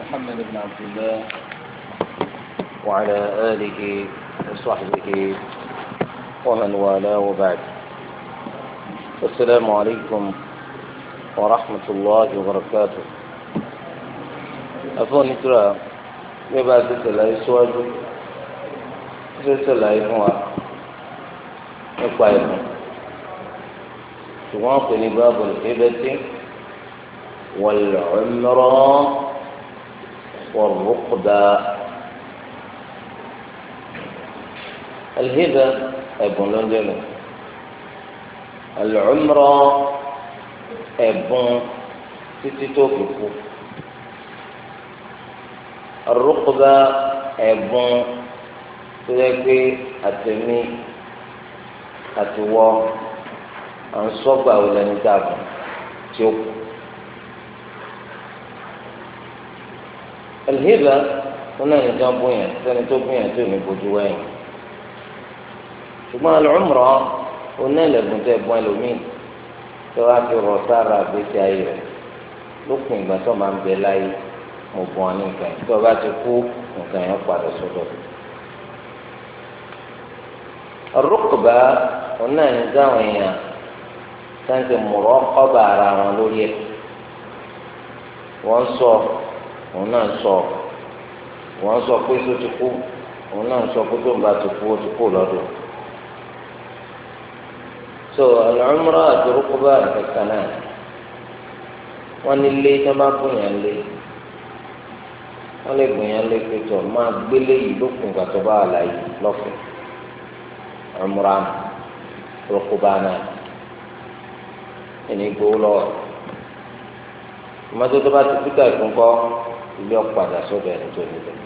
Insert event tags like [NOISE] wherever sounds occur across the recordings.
محمد بن عبد الله وعلى آله وصحبه ومن والاه وبعد السلام عليكم ورحمة الله وبركاته أفون ترى يبقى تسأل سواجه تسأل هو يقوى شوان باب الهبة والعمران والرقبة الهبة أبن لندن العمرة أبن تتتوكف الرقبة أبن تلاقي أتمي أتوا أنصب أو لنتابع تشوف alheba wọn náà nìkan bóyá sẹni tó bóyá tó ní bójú wẹ̀yìn ṣùgbọ́n alùmùrọ̀ onílẹ̀gùn tẹ gbọ́n ẹlòmíì tó wá fi rọ̀ sára àgbésí ayé rẹ̀ lópin ìgbà tó máa ń bẹ láyé mo bọ̀ ní nǹkan yẹn tó o bá ti kú nǹkan yẹn padà sọ́dọ̀. rúkùbá ọ̀nà ní táwọn èèyàn sáńtì mùrọ̀ kọ́bà ara wọn lórí ẹ̀ wọ́n sọ òun náà sọ wọ́n sọ pé tó ti kú òun náà sọ pé tó ń bá ti kú ó ti kú so al-umrah àti náà wọ́n ní lé tó bá kú yẹn lé wọ́n lè lé máa gbélé yìí bá wà láàyè náà ẹni gbowó ilé ọ̀padà sọ́dọ̀ ẹni tó níbẹ̀.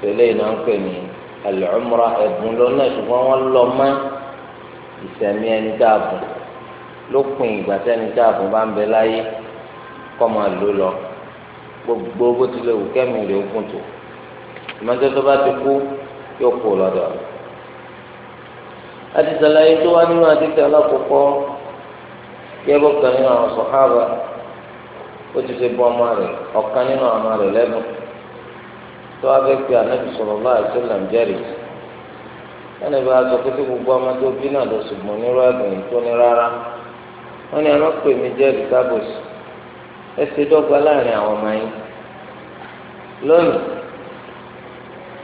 tẹ́lẹ̀ náà ń pè ní al ẹ̀bùn lọ́nà ṣùgbọ́n wọ́n lọ mọ́ ìsẹ̀mí ẹni dáàbùn lópin ìgbà tẹ́ni bá ń bẹ gbogbo bó tilẹ̀ wù kẹ́mi rè ókun tó ìmọ̀tẹ́ tó bá ti kú yóò kó lọ́dọ̀ àti sàlàyé tó wá nínú àti kan nínú ó ti ṣe bọ́ ọmọ rẹ̀ ọ̀kan nínú ọmọ rẹ̀ lẹ́nu tó wá fẹ́ pe ànábì sọ̀rọ̀ láì tó làm jẹ́rìí wọ́n lè bá a sọ pé tí gbogbo ọmọ tó bí náà lọ ṣùgbọ́n nírú ẹ̀bùn tó ní rárá wọ́n ní ẹ má pè mí ẹ ṣe dọ́gba láàrin àwọn ọmọ yín lónìí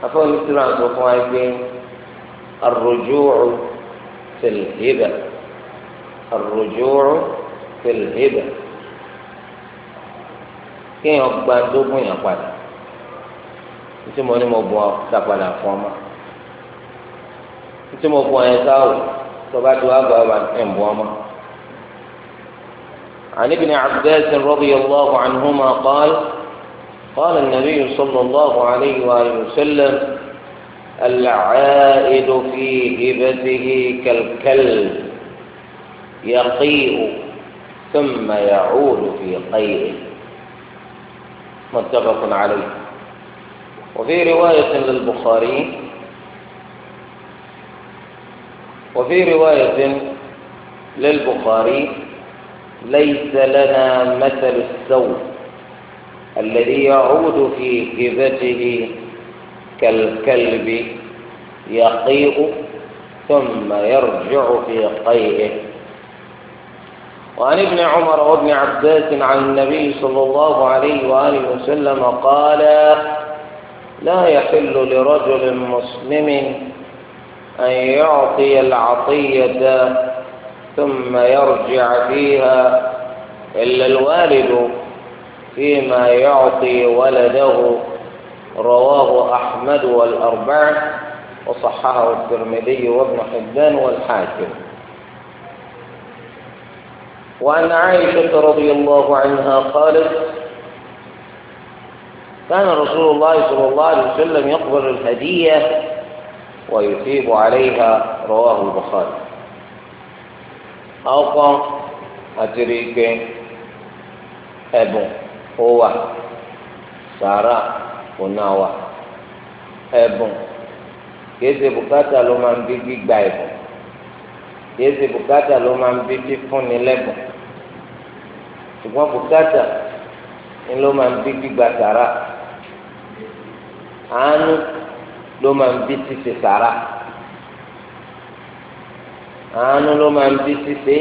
afọ́nmi tí sọ fún wa pé arrojú fil hiba arrojú fil hiba. kéèyàn gba dógún yẹn padà nítorí mo ní mo bọ sàpadà fún ọmọ nítorí mo bọ yẹn sáwò tọba tó wà gbà ẹ̀ ń bọ ọmọ. عن ابن عباس رضي الله عنهما قال قال النبي صلى الله عليه وآله وسلم العائد في هبته كالكلب يقيء ثم يعود في قيئه متفق عليه وفي رواية للبخاري وفي رواية للبخاري ليس لنا مثل السوء الذي يعود في كبته كالكلب يقيء ثم يرجع في قيئه وعن ابن عمر وابن عباس عن النبي صلى الله عليه وآله وسلم قال لا يحل لرجل مسلم أن يعطي العطية ثم يرجع فيها إلا الوالد فيما يعطي ولده رواه أحمد والأربعة وصححه الترمذي وابن حبان والحاكم وعن عائشة رضي الله عنها قالت كان رسول الله صلى الله عليه وسلم يقبل الهدية ويثيب عليها رواه البخاري أوقع أتريك أبو هو سارة ونوى أبو يجب bùkátà من بيجي بايبو يجب gbígba من بيجي فوني لبو ṣùgbọ́n bùkátà ni ló máa ń bí gbígba sàrà àánú ló máa ń bí ṣíṣe sàrà àánú ló máa ń bí ṣíṣe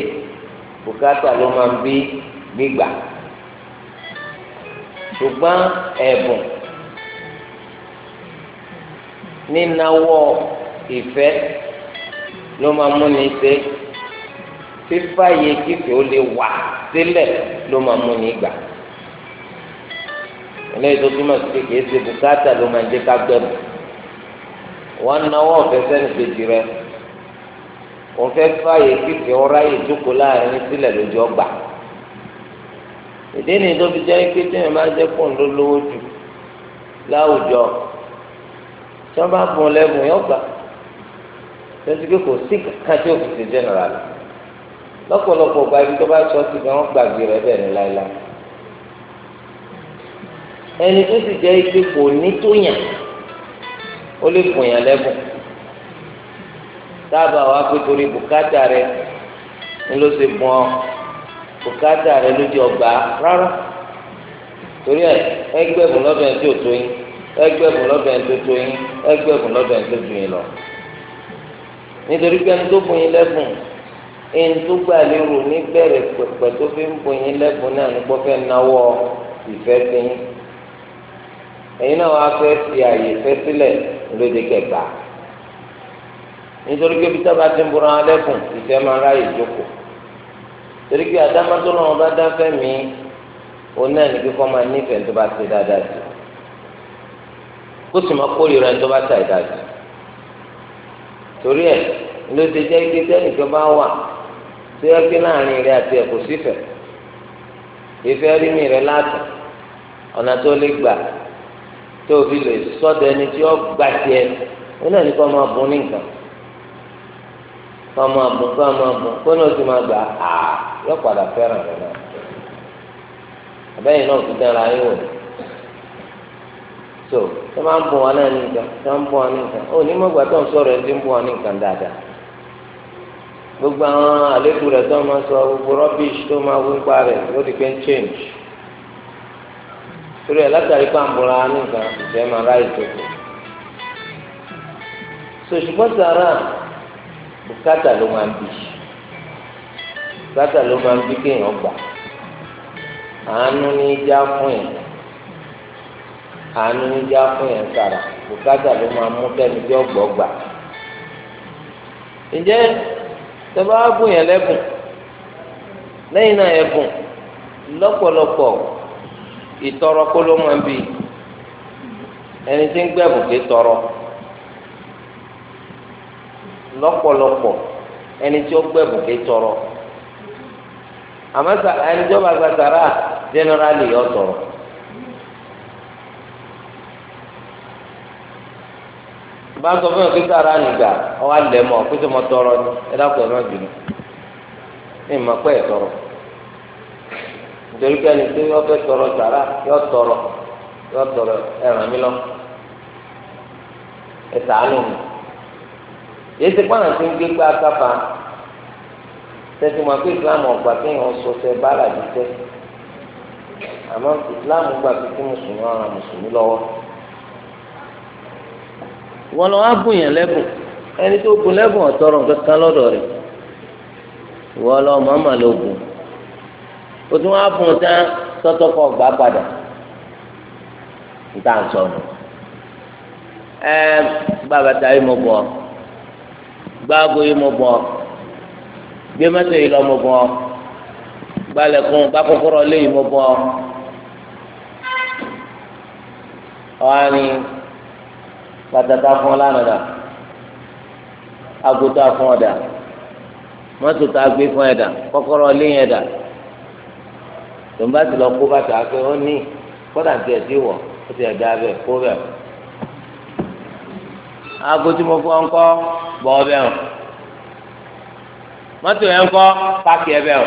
bùkátà ló máa ń bí gbígbà ṣùgbọ́n ẹ̀bùn nínáwó ìfẹ́ ló máa ń múni ṣe fífa yẹ kíkẹ́ ó lè wà sílẹ̀ ló máa mú ní gbà eléyìí tó túmọ̀ sí kékeré ṣe bùkátà ló máa ń jẹ́ ká gbẹ̀mù wọ́n náwó ọ̀fẹ́ sẹ́ni kejì rẹ òun fẹ́ fààyè kíkẹ́ ọ̀rá yìí jókòó láàrin sílẹ̀ lójú ọgbà ìdí ni tó fi jẹ́ pé tí máa jẹ́ fóun ló lówó jù láwùjọ tí wọ́n bá fún un lẹ́bùn yọ̀gbà tó kò sí kankan tí jẹ́nẹ̀rà lọ lọ́pọ̀lọpọ̀ gba ibi tó bá sọ sí ni wọ́n gbàgbé rẹ̀ bẹ́ẹ̀ ni láéláé ẹni tó sì jẹ́ ipe kò ní tó yàn ó lè kò yàn lẹ́bùn dábàá wa pé torí bùkátà rẹ ni ló ṣe bùn ọ bùkátà rẹ ló di ọgbà rárá torí ẹ ẹgbẹ̀bùn lọ́dọ̀ ẹ̀ tí ò tó yín ẹgbẹ̀bùn lọ́dọ̀ ẹ̀ tó tó yín ẹgbẹ̀bùn lọ́dọ̀ ẹ̀ tó tó yín lọ nítorí pé ẹni tó bùn yín lẹ́bùn ẹnitúgba lérò ní pẹ̀pẹ̀ tó fi ń bonyin lẹ́bùn náà ní gbọ́fẹ́ náwó ìfẹ́ sí i ẹ̀yin náà wàá fẹ́ fi àyè fẹ́ sílẹ̀ lóde kẹgbà nítorí pé bíta bá ti ń ìfẹ́ máa ráyè jókòó torí pé mi ní kíkọ́ máa nífẹ̀ẹ́ tó bá ti ike tẹ́nìkan bá tí wọ́n pín láàrin rẹ àti ẹ̀kọ́ sífẹ̀ ìfẹ́ rí mi rẹ látọ̀ ọ̀nà tó lè gbà tó fi lè sọ́dọ̀ ẹni tí ó gbà tiẹ̀ ó náà ní kó máa ní nǹkan kó máa kó máa kó náà máa gbà á padà fẹ́ràn rẹ náà àbẹ́yìn náà ti dára yín wò so tó máa ń wọn náà ní nǹkan tó máa ń wọn gbogbo àwọn àlékún rẹ̀ tó máa sọ gbogbo rubbish tó máa wí pa rẹ̀ ló ti pé ń change torí ẹ̀ látàrí pàǹbùrà nìkan ìfẹ́ máa ráyè tètè sòṣùpọ̀ sàrà bùkátà ló máa ń bì bùkátà ló máa ń bí kéèyàn gbà àánú ní já fún yẹn àánú ní já fún yẹn sàrà tẹ́lá bùn yẹn lẹ́bùn lẹ́yìn náà ẹ̀bùn lọ́pọ̀lọpọ̀ ìtọrọ kó ló máa ń bi ẹni tí ń gbẹ̀bùn kì í tọrọ lọ́pọ̀lọpọ̀ ẹni tí ó gbẹ̀bùn kì tọrọ àmọ́ ẹni tí ó bá gba sàrà jẹ́nẹ́rálì yọ tọrọ. máa ń sọ fún yàn kí sàrà nìgbà ọwọ́ alẹ́ mọ̀ pé sọ ma tọrọ ni ẹ dákun ẹ má bínú ní ìmọ̀ pé ẹ tọrọ nítorí pé ẹni tó yọ fẹ́ tọrọ sàrà yọ tọrọ yọ tọrọ ẹ ràn mí lọ ẹ sàánù mi yìí ti pọ́nà tó ń gbé gbá káfa tẹ́tí mọ̀ pé Islam ọ̀gbà kéèyàn sọ fẹ́ bá àmọ́ Islam gbà pé mùsùlùmí ọ̀ràn mùsùlùmí lọ́wọ́ wọn lọ wá bùn yẹn lẹ́bùn ẹni tó bùn lẹ́bùn ọ̀tọ̀rọ̀ kankan lọ́dọ̀ rẹ̀ wọn lọ màmá ló bùn o tún wá bùn tán tọ́tọ́ kọ́ gbà padà níta sọ nù ẹ bàbá ta yìí mo bọ̀ gbàgbó yìí mo bọ̀ gbé mẹ́tò yìí lọ mo bọ̀ gbalẹ̀kùn gbàkọ́kọ́rọ́ lé yìí mo bọ̀ ọ̀ bàtàtà fún ọ lánàá dà agota fún ọ dà mọ́tò tá a gbé fún ẹ dà kọ́kọ́rọ́ yẹn dà ti lọ kó bàtà pé ó ní kódà tí ẹ ti wọ̀ ó ti ẹ̀dá bẹ̀ kó bẹ̀ aago tí mo fọ́ ń kọ́ bọ̀ ọ bẹ̀ hàn mọ́tò yẹn ń kọ́ páàkì hàn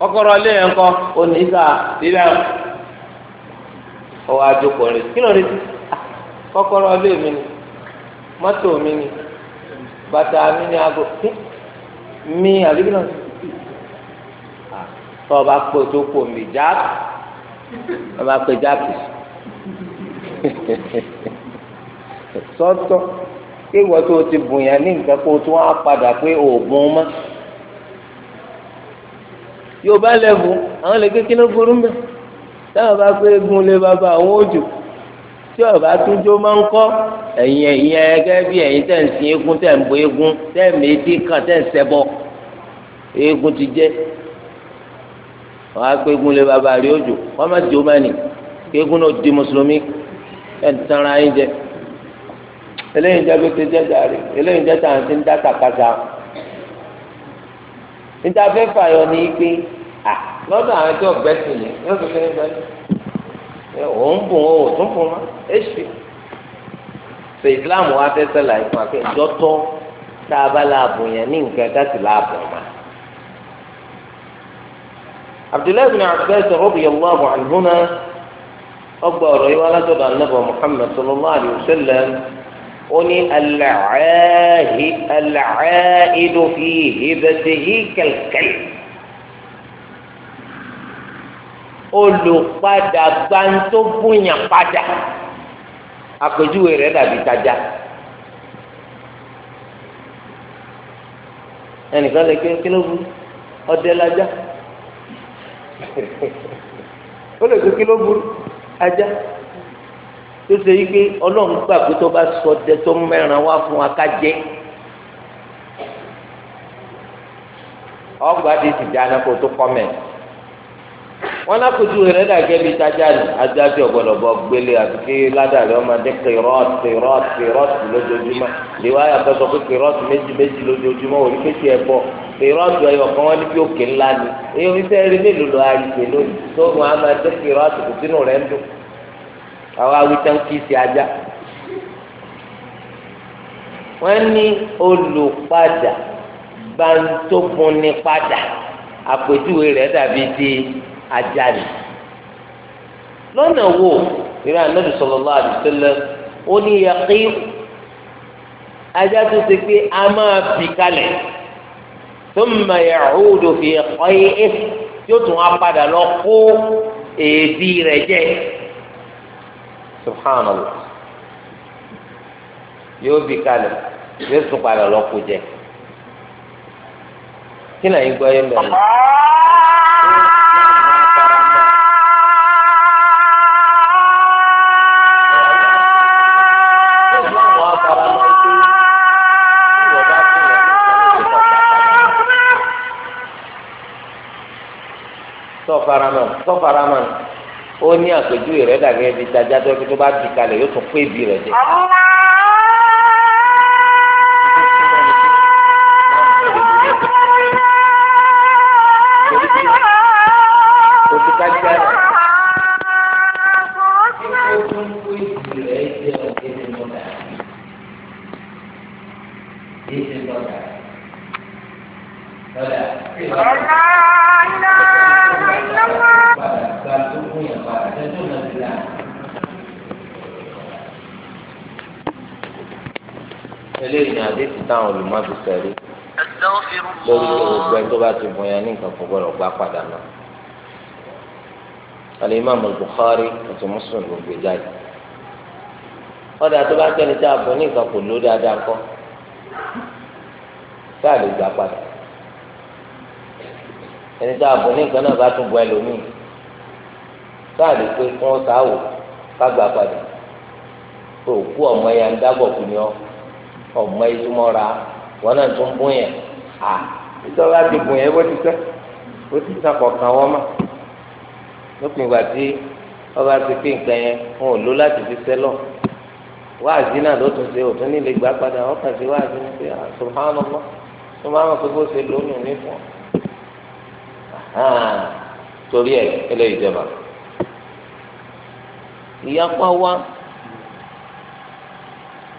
kọ́kọ́rọ́ ilé yẹn ń kọ́ onígbà hàn kí ló rí kọ́kọ́rọ́ ilé mi ni mọ́tò mi ni bàtà mi ni aago mi àbíkí náà tọ́ ọba pé tó kò mí jáàpù ọba pé jáàpù [LAUGHS] sọ́tọ̀ ìwọ tó ti bùnyàn ní nǹkan kó tó wá padà pé oògùn mọ́ yóò bá lẹ́bùn àwọn lè kékeré burú mẹ́ táwọn bá pé egun lé bàbá àwọn òjò tí ọba túnjó máa ń kọ́ ẹ̀yin ẹ̀yin ẹgẹ́ bí ẹ̀yin tẹ̀ ń sin eégún tẹ̀ ń bọ eégún tẹ̀ ń méjì kan tẹ̀ ń ṣẹbọ eégún ti jẹ́ wọ́n á pé eégún lé bàbá rí òjò wọ́n má jó má nì eégún náà di mùsùlùmí ẹ̀ ń tanra yín jẹ eléyìí jẹ́ bí ó ti jẹ́ jàre eléyìí jẹ́ tàn sí ń dá tàkàtà níta fẹ́ fàyọ ní pé lọ́dọ̀ àwọn tí ọ̀gbẹ́sìn yẹn yóò fi fẹ́ òun bùn ó tún bùn wá èsì ṣe islam wa fẹ́ sẹ́la ìfún akẹ́ ìjọ́tọ́ tá a bá láàbù yẹn ní nǹkan káàsì láàbù ọ̀ma. abdullahi bin abbas radiyallahu anhuma ọgbà ọ̀rọ̀ yìí wá látọ̀dọ̀ anábà muhammad sallallahu alayhi wa sallam ó ní alàáhì alàáhì fi hìbẹ̀tẹ̀ yìí kẹ̀kẹ́ olùpadà gbantó búyàn padà àpèjúwe rẹ̀ dàbí tajà ẹnìkan lè ké kílógún ọdẹ lajá [LAUGHS] ó lè ké kílógún ajá tó ṣe yí pé ọlọ́run gbà pé tó bá sọ ọdẹ tó mẹ́ran wá fún wa ká jẹ ọgbà wọn lákòójú rẹ dàgẹ́ bíi tájà ní adájọ́ ọ̀gbọ̀lọ̀gbọ̀ gbélé àti kí ládàrí ọmọdé kìrọ́ọ̀tì kìrọ́ọ̀tì kìrọ́ọ̀tì lójoojúmọ́ lèwà yàtọ̀ sọ pé kìrọ́ọ̀tì méjì méjì lójoojúmọ́ òní kéjì ẹ̀ bọ̀ kìrọ́ọ̀tì ẹ̀yọ̀ kan wọn níbi òkè ńlá ni èyí oníṣẹ́ rí mélòó lọ àyíké lónìí tó wọn á máa dé kìrọ́ọ̀tì kò sínú rẹ̀ ń dùn àwọn awitán kì í ṣe ajá wọn ní olùpadà bá ń tó fún ni padà àpèjúwe rẹ̀ dàbí ti ajáde lọ́nà wo ìrìn ànábì sallallahu alaihi wasallam ó ní yàtí ajá tó ṣe pé a máa bì kalẹ̀ thumma ya'udu fi qay'ihi tí ó tún á padà lọ kó èébì rẹ̀ jẹ subhanallah yóò bì kalẹ̀ yóò tún padà lọ kó jẹ kí náà yín gbọ́ yín bẹ̀rẹ̀. sọfaramọ sọfaramọ ó ní àpèjúwe rẹ dàbí ẹbí tajà tó ẹbí tó bá di kalẹ̀ yóò tún pé ibi rẹ jẹ. Thank eléyìí ni àdéhùn táwọn olùmọ̀ọ́bí sẹ́rí lórí gbogbo ẹni tó bá ti bọ̀ yẹn ní nǹkan kan gbọ́dọ̀ gbá padà náà. alimami Bukhari àti Muslim ló gbé jáde. ọ̀dà tó bá tẹ́lẹ̀ tí a bọ̀ ní nǹkan kò ló dáadáa kọ́ sáà lè gbà padà. ẹni tí a bọ̀ ní nǹkan náà bá tún bọ̀ ẹlòmíì sáà lè pé kí wọ́n sáà wò ká gbà padà. òkú ọmọ ya ń dábọ̀ kú ni ọ́ ọgbọ́n ìtumọ̀ra wọn náà tún bún yẹn à nítorí láti bùn yẹn bó ti sẹ́ bó ti sàn kọ̀ọ̀kan wọ́n mọ̀ lópin ìgbà tí ọba ti pín nǹkan yẹn wọn ò lò láti fi sẹ́ lọ wáàzí náà ló tún ṣe òtún nílé gbà padà wọn kàn sí wáàzí ní pé subhanallah tó máa mọ̀ pé bó ṣe lóyún ní fún ọ torí ẹ eléyìí jẹba ìyapa wá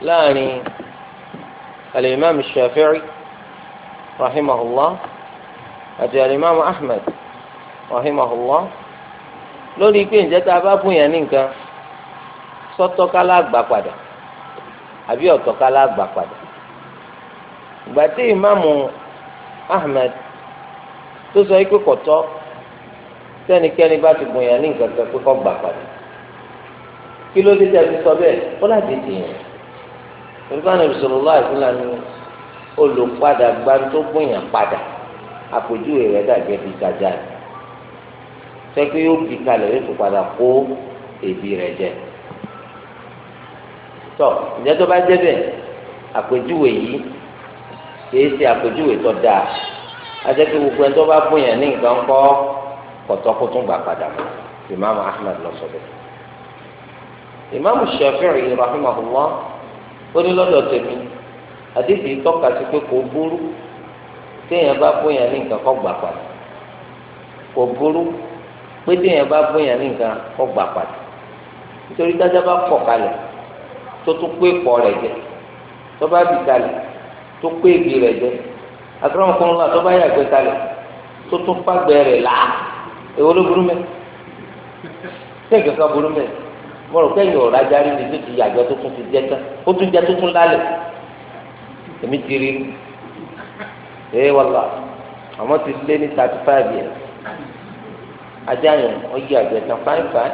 láàrin. الإمام الشافعي رحمه الله àti alimami ahmed rahimahullah lórí pé ǹjẹ́ tá a bá fún yẹn ní nǹkan sọ́tọ́ ká lágbà padà àbí ọ̀tọ̀ ká lágbà padà ìgbà tí ìmáàmù ahmed tó sọ pé kò tọ́ sẹ́nikẹ́ni bá ti gbọ̀n yẹn ní nǹkan kan pé kó gbà padà kí ló dé tẹ́ fi sọ bẹ́ẹ̀ ó láti dìyàn olùkọ́ àná bisalòlá àìsílá ni olùpadà gbantó gbìyàn padà àpèjúwe rẹ̀ dàgbẹ́ bíi gàdá sẹ́kẹ́ yóò bì kalẹ̀ yóò tún padà kó èbí rẹ̀ jẹ tọ́ ìjẹ́ tó bá débẹ̀ àpèjúwe yìí kìí ṣe àpèjúwe tó dáa ajẹ́kẹ́ gbogbo ẹni tó bá gbìyàn ní nǹkan kọ́ kọ̀tọ́kùtùn gbà padà mọ́ ìmáàmù Ahmad lọ sọ bẹ́ẹ̀ ìmáàmù Shafi'i rahimahullah ó ní lọ́dọ̀ tèmi àdéhìí tọ́ka sí pé kò burú téèyàn bá bóyá ní nǹkan kọ́ gbà padà kò burú pé téèyàn bá bóyá ní nǹkan kọ́ gbà padà nítorí dájá bá pọ̀ kalẹ̀ tó tún pé pọ̀ rẹ̀ jẹ tó bá bì kalẹ̀ tó pé ègbè rẹ̀ jẹ àtúrọ̀mù kan ńlá tó bá yàgbẹ́ kalẹ̀ tó tún pàgbẹ́ rẹ̀ là èwo ló burú mẹ́ tẹ́ẹ̀kẹ́ ká burú mẹ́ mo rò pé yòó rájà rí mi níbi ìyàgbẹ́ tó tún fi jẹ́ tán ó tún jẹ́ tó tún lálẹ́ èmi ti rí ee wàlá àmọ́ ti lé ní thirty five years ajá yẹn ó yí àgbẹ̀ tán fáìfáì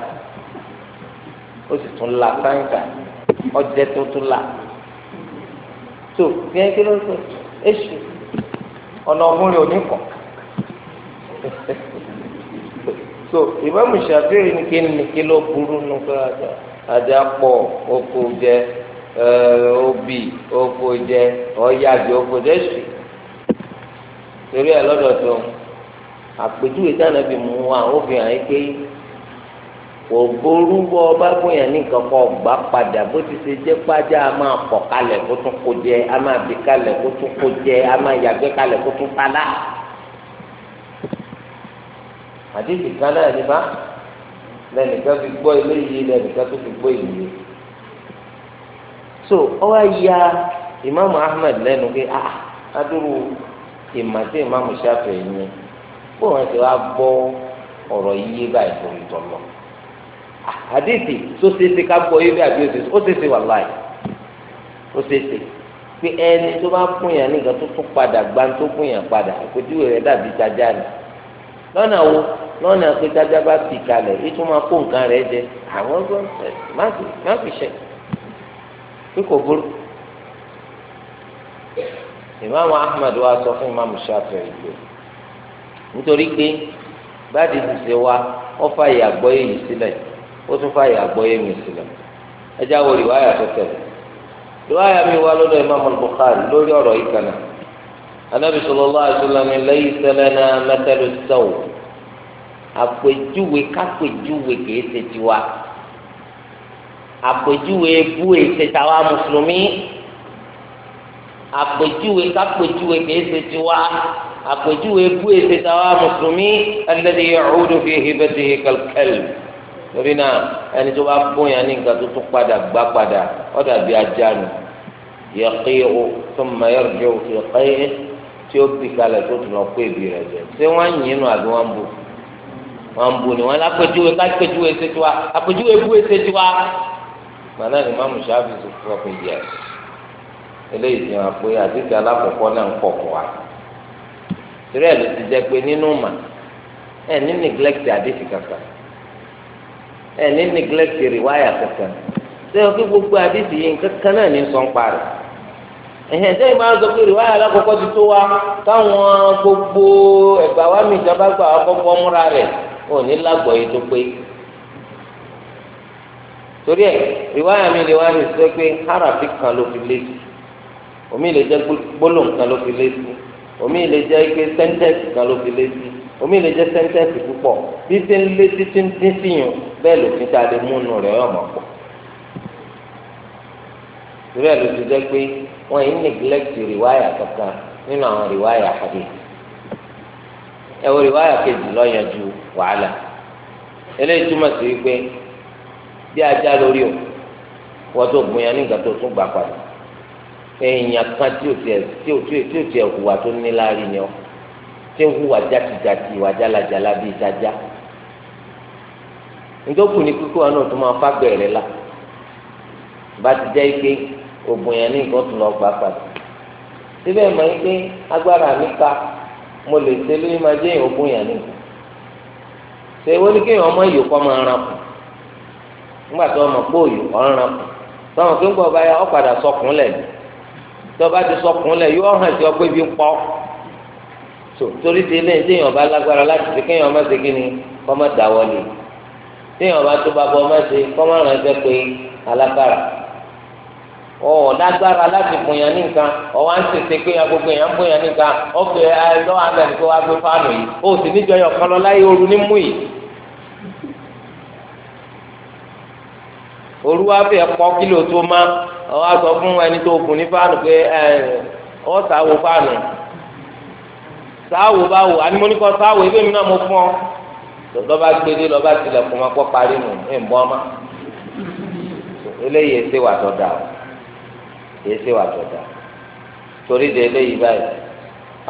ó sì tún la fáìfáì ọjẹ́ tó tún la tó fi ẹ́ kí ló ń ọ̀nà ọ̀hún ò ní kọ̀. [LAUGHS] so ìmáàmù Ṣàfi'í ní kí ni kí ló burú nípa àjà àjà pọ̀ oko jẹ obì eh, oko jẹ ọ̀yàgbé oko jẹ sùn torí ẹ lọ́dọ̀ tó àpèjúwe wa ó fi hàn pé kò ború ọba gbóyàn ní nǹkan kan gbà padà bó ti ṣe pàjá a máa pọ̀ kalẹ̀ kó tún kó jẹ a máa bì kalẹ̀ àdéhùn kan náà ní bá fi gbọ́ eléyìí lẹ́nìkan tó fi gbọ́ èyí so ọwọ́ ya ìmáàmù Ahmed lẹ́nu pé ah, ah adúrú ìmàtí ìmáàmù Ṣáfì yẹn kó wọn ti wá gbọ́ ọ̀rọ̀ yíyé báyìí tó ń tọ̀ tó ṣe é ṣe ká gbọ́ yíyé ó ṣe é ṣe wà láì ó ṣe é ṣe pé ẹni tó bá nígbà tó tún padà gbá tó lọ́nà wo lọ́nà pé tájá bá bì kalẹ̀ ètò máa kó nǹkan rẹ̀ jẹ àwọn gbọ́n má fi ṣe pé kò burú. ìmáàmù Ahmad wa sọ fún ìmáàmù Shafi'i ìgbò nítorí pé báàdì ti ṣe wa wọ́n fààyè àgbọ́yé yìí sílẹ̀ ó tún fààyè àgbọ́yé mi sílẹ̀ ẹjá wo rìwáyà tó tẹ̀lé rìwáyà mi wá lọ́dọ̀ ìmáàmù Bukhari lórí ọ̀rọ̀ yìí kan náà anabi sallallahu alaihi wasallam laysa lana mathalu saw àpèjúwe kápèjúwe kìí ṣe tiwa àpèjúwe ebú èsè e tàwa mùsùlùmí àpèjúwe kápèjúwe kìí ṣe tiwa àpèjúwe ebú èsè e tàwa mùsùlùmí alladhi ya'udu fi hibatihi kal-kalb torí náà ẹni tó bá bóyá ní nǹkan tó tún padà gbá padà ó dàbí ajá nù yaqi'u thumma yarji'u fi qay'ihi tí ó bì kalẹ̀ tó tún lọ kó èbì rẹ̀ jẹ ṣé wọ́n ń yín nù àbí wọ́n ń bò wọ́n ń bò ní wọ́n lápẹjúwe lápẹjúwe ṣe tiwa àpẹjúwe bú e ṣe tiwa màdá ni mamu ṣáfi ti fọ pé yẹ eléyìí ti hàn pé àtìkè alákọ̀ọ́kọ́ náà ń pọ̀ pọ̀ wa tìrẹ̀ ló ti jẹ́ pé nínú mà ẹ̀ ní neglect àdéhì kankan ẹ̀ ní neglect rìwáyà kankan ṣé o kí gbogbo àdéhì yìí kankan náà ní sọ́ńpa rẹ̀ ẹ̀hẹ̀ sẹ́yìn máa ń sọ pé rìwáyà alákọ̀ọ́kọ́ ti tó wa káwọn gbogbo ẹ̀gbà wa mi ìjọba gbà wá kọ́kọ́ múra rẹ̀ ò ní lágbọ̀ yìí tó pé torí ẹ̀ rìwáyà mi lè wá ní sọ pé harafi kan ló fi lé sí omi lè jẹ́ gbólóhùn kan ló fi lé sí omi lè jẹ́ ike sẹ́ńtẹ́sì kan ló fi lé sí omi lè jẹ́ sẹ́ńtẹ́sì bí ṣe ń lé títí ń síyàn bẹ́ẹ̀ lòfin tá a lè múnu rẹ̀ ọ̀mọ̀ pọ̀ torí ẹ̀ ló ti jẹ́ pé wọn yìí neglect riwaya kankan nínú àwọn riwaya hadith ẹ riwaya rìwáyà kejì wàhálà eléyìí túmọ̀ sí wípé bí ajá lórí o wọ́n tó gbìyàn nígbà tó tún gbà padà èèyàn kan tí o tí o tí o hùwà ọ tí o hùwà ìwà bíi jájá ní kíkó tó máa gbẹ̀rẹ̀ la bá ti jẹ́ ike ogun yẹn ní nǹkan tún lọ gbà padà síbẹ̀ mọ̀ pé ka mo lè ṣe lórí máa jẹ́ ogun yẹn ní nǹkan ṣé wọ́n ní kéèyàn ọmọ ìyò kọ́ máa ràn kù nígbà tó ọmọ pé òyò ọ̀ràn ràn kù tọ́wọ́n kí ń gbọ́ báyà ọ́ padà sọkùn lẹ̀ tọ́ba ti sọkùn lẹ̀ yóò hàn sí bí ń pọ́ torí ti ilé bá lágbára láti kéèyàn ọ lágbára láti bùnyàn ní nǹkan ọwọ́ à ń tètè pé gbogbo èèyàn ń bùnyàn ní nǹkan ọ̀fẹ́ lọ́wọ́ àgbẹ̀ tó wá gbé fáànù yìí ó sì níjọ yọ kan lọ láyé ooru ní mú yìí. ooru wá fẹ́ pọ́ kílò tó má ọwọ́ àgbọ̀ fún ẹni tó gùn ní fáànù pé ọ sáwo fáànù sáwo báwo ànímọ́nìkọ́ sáwo ebí mi náà mo fún ọ lọ́ba gbélé lọ́ba tilẹ̀kùn máa pọ́ parí nù ẹ̀ ń bọ́ ọ kì í wà torí de eléyìí báyìí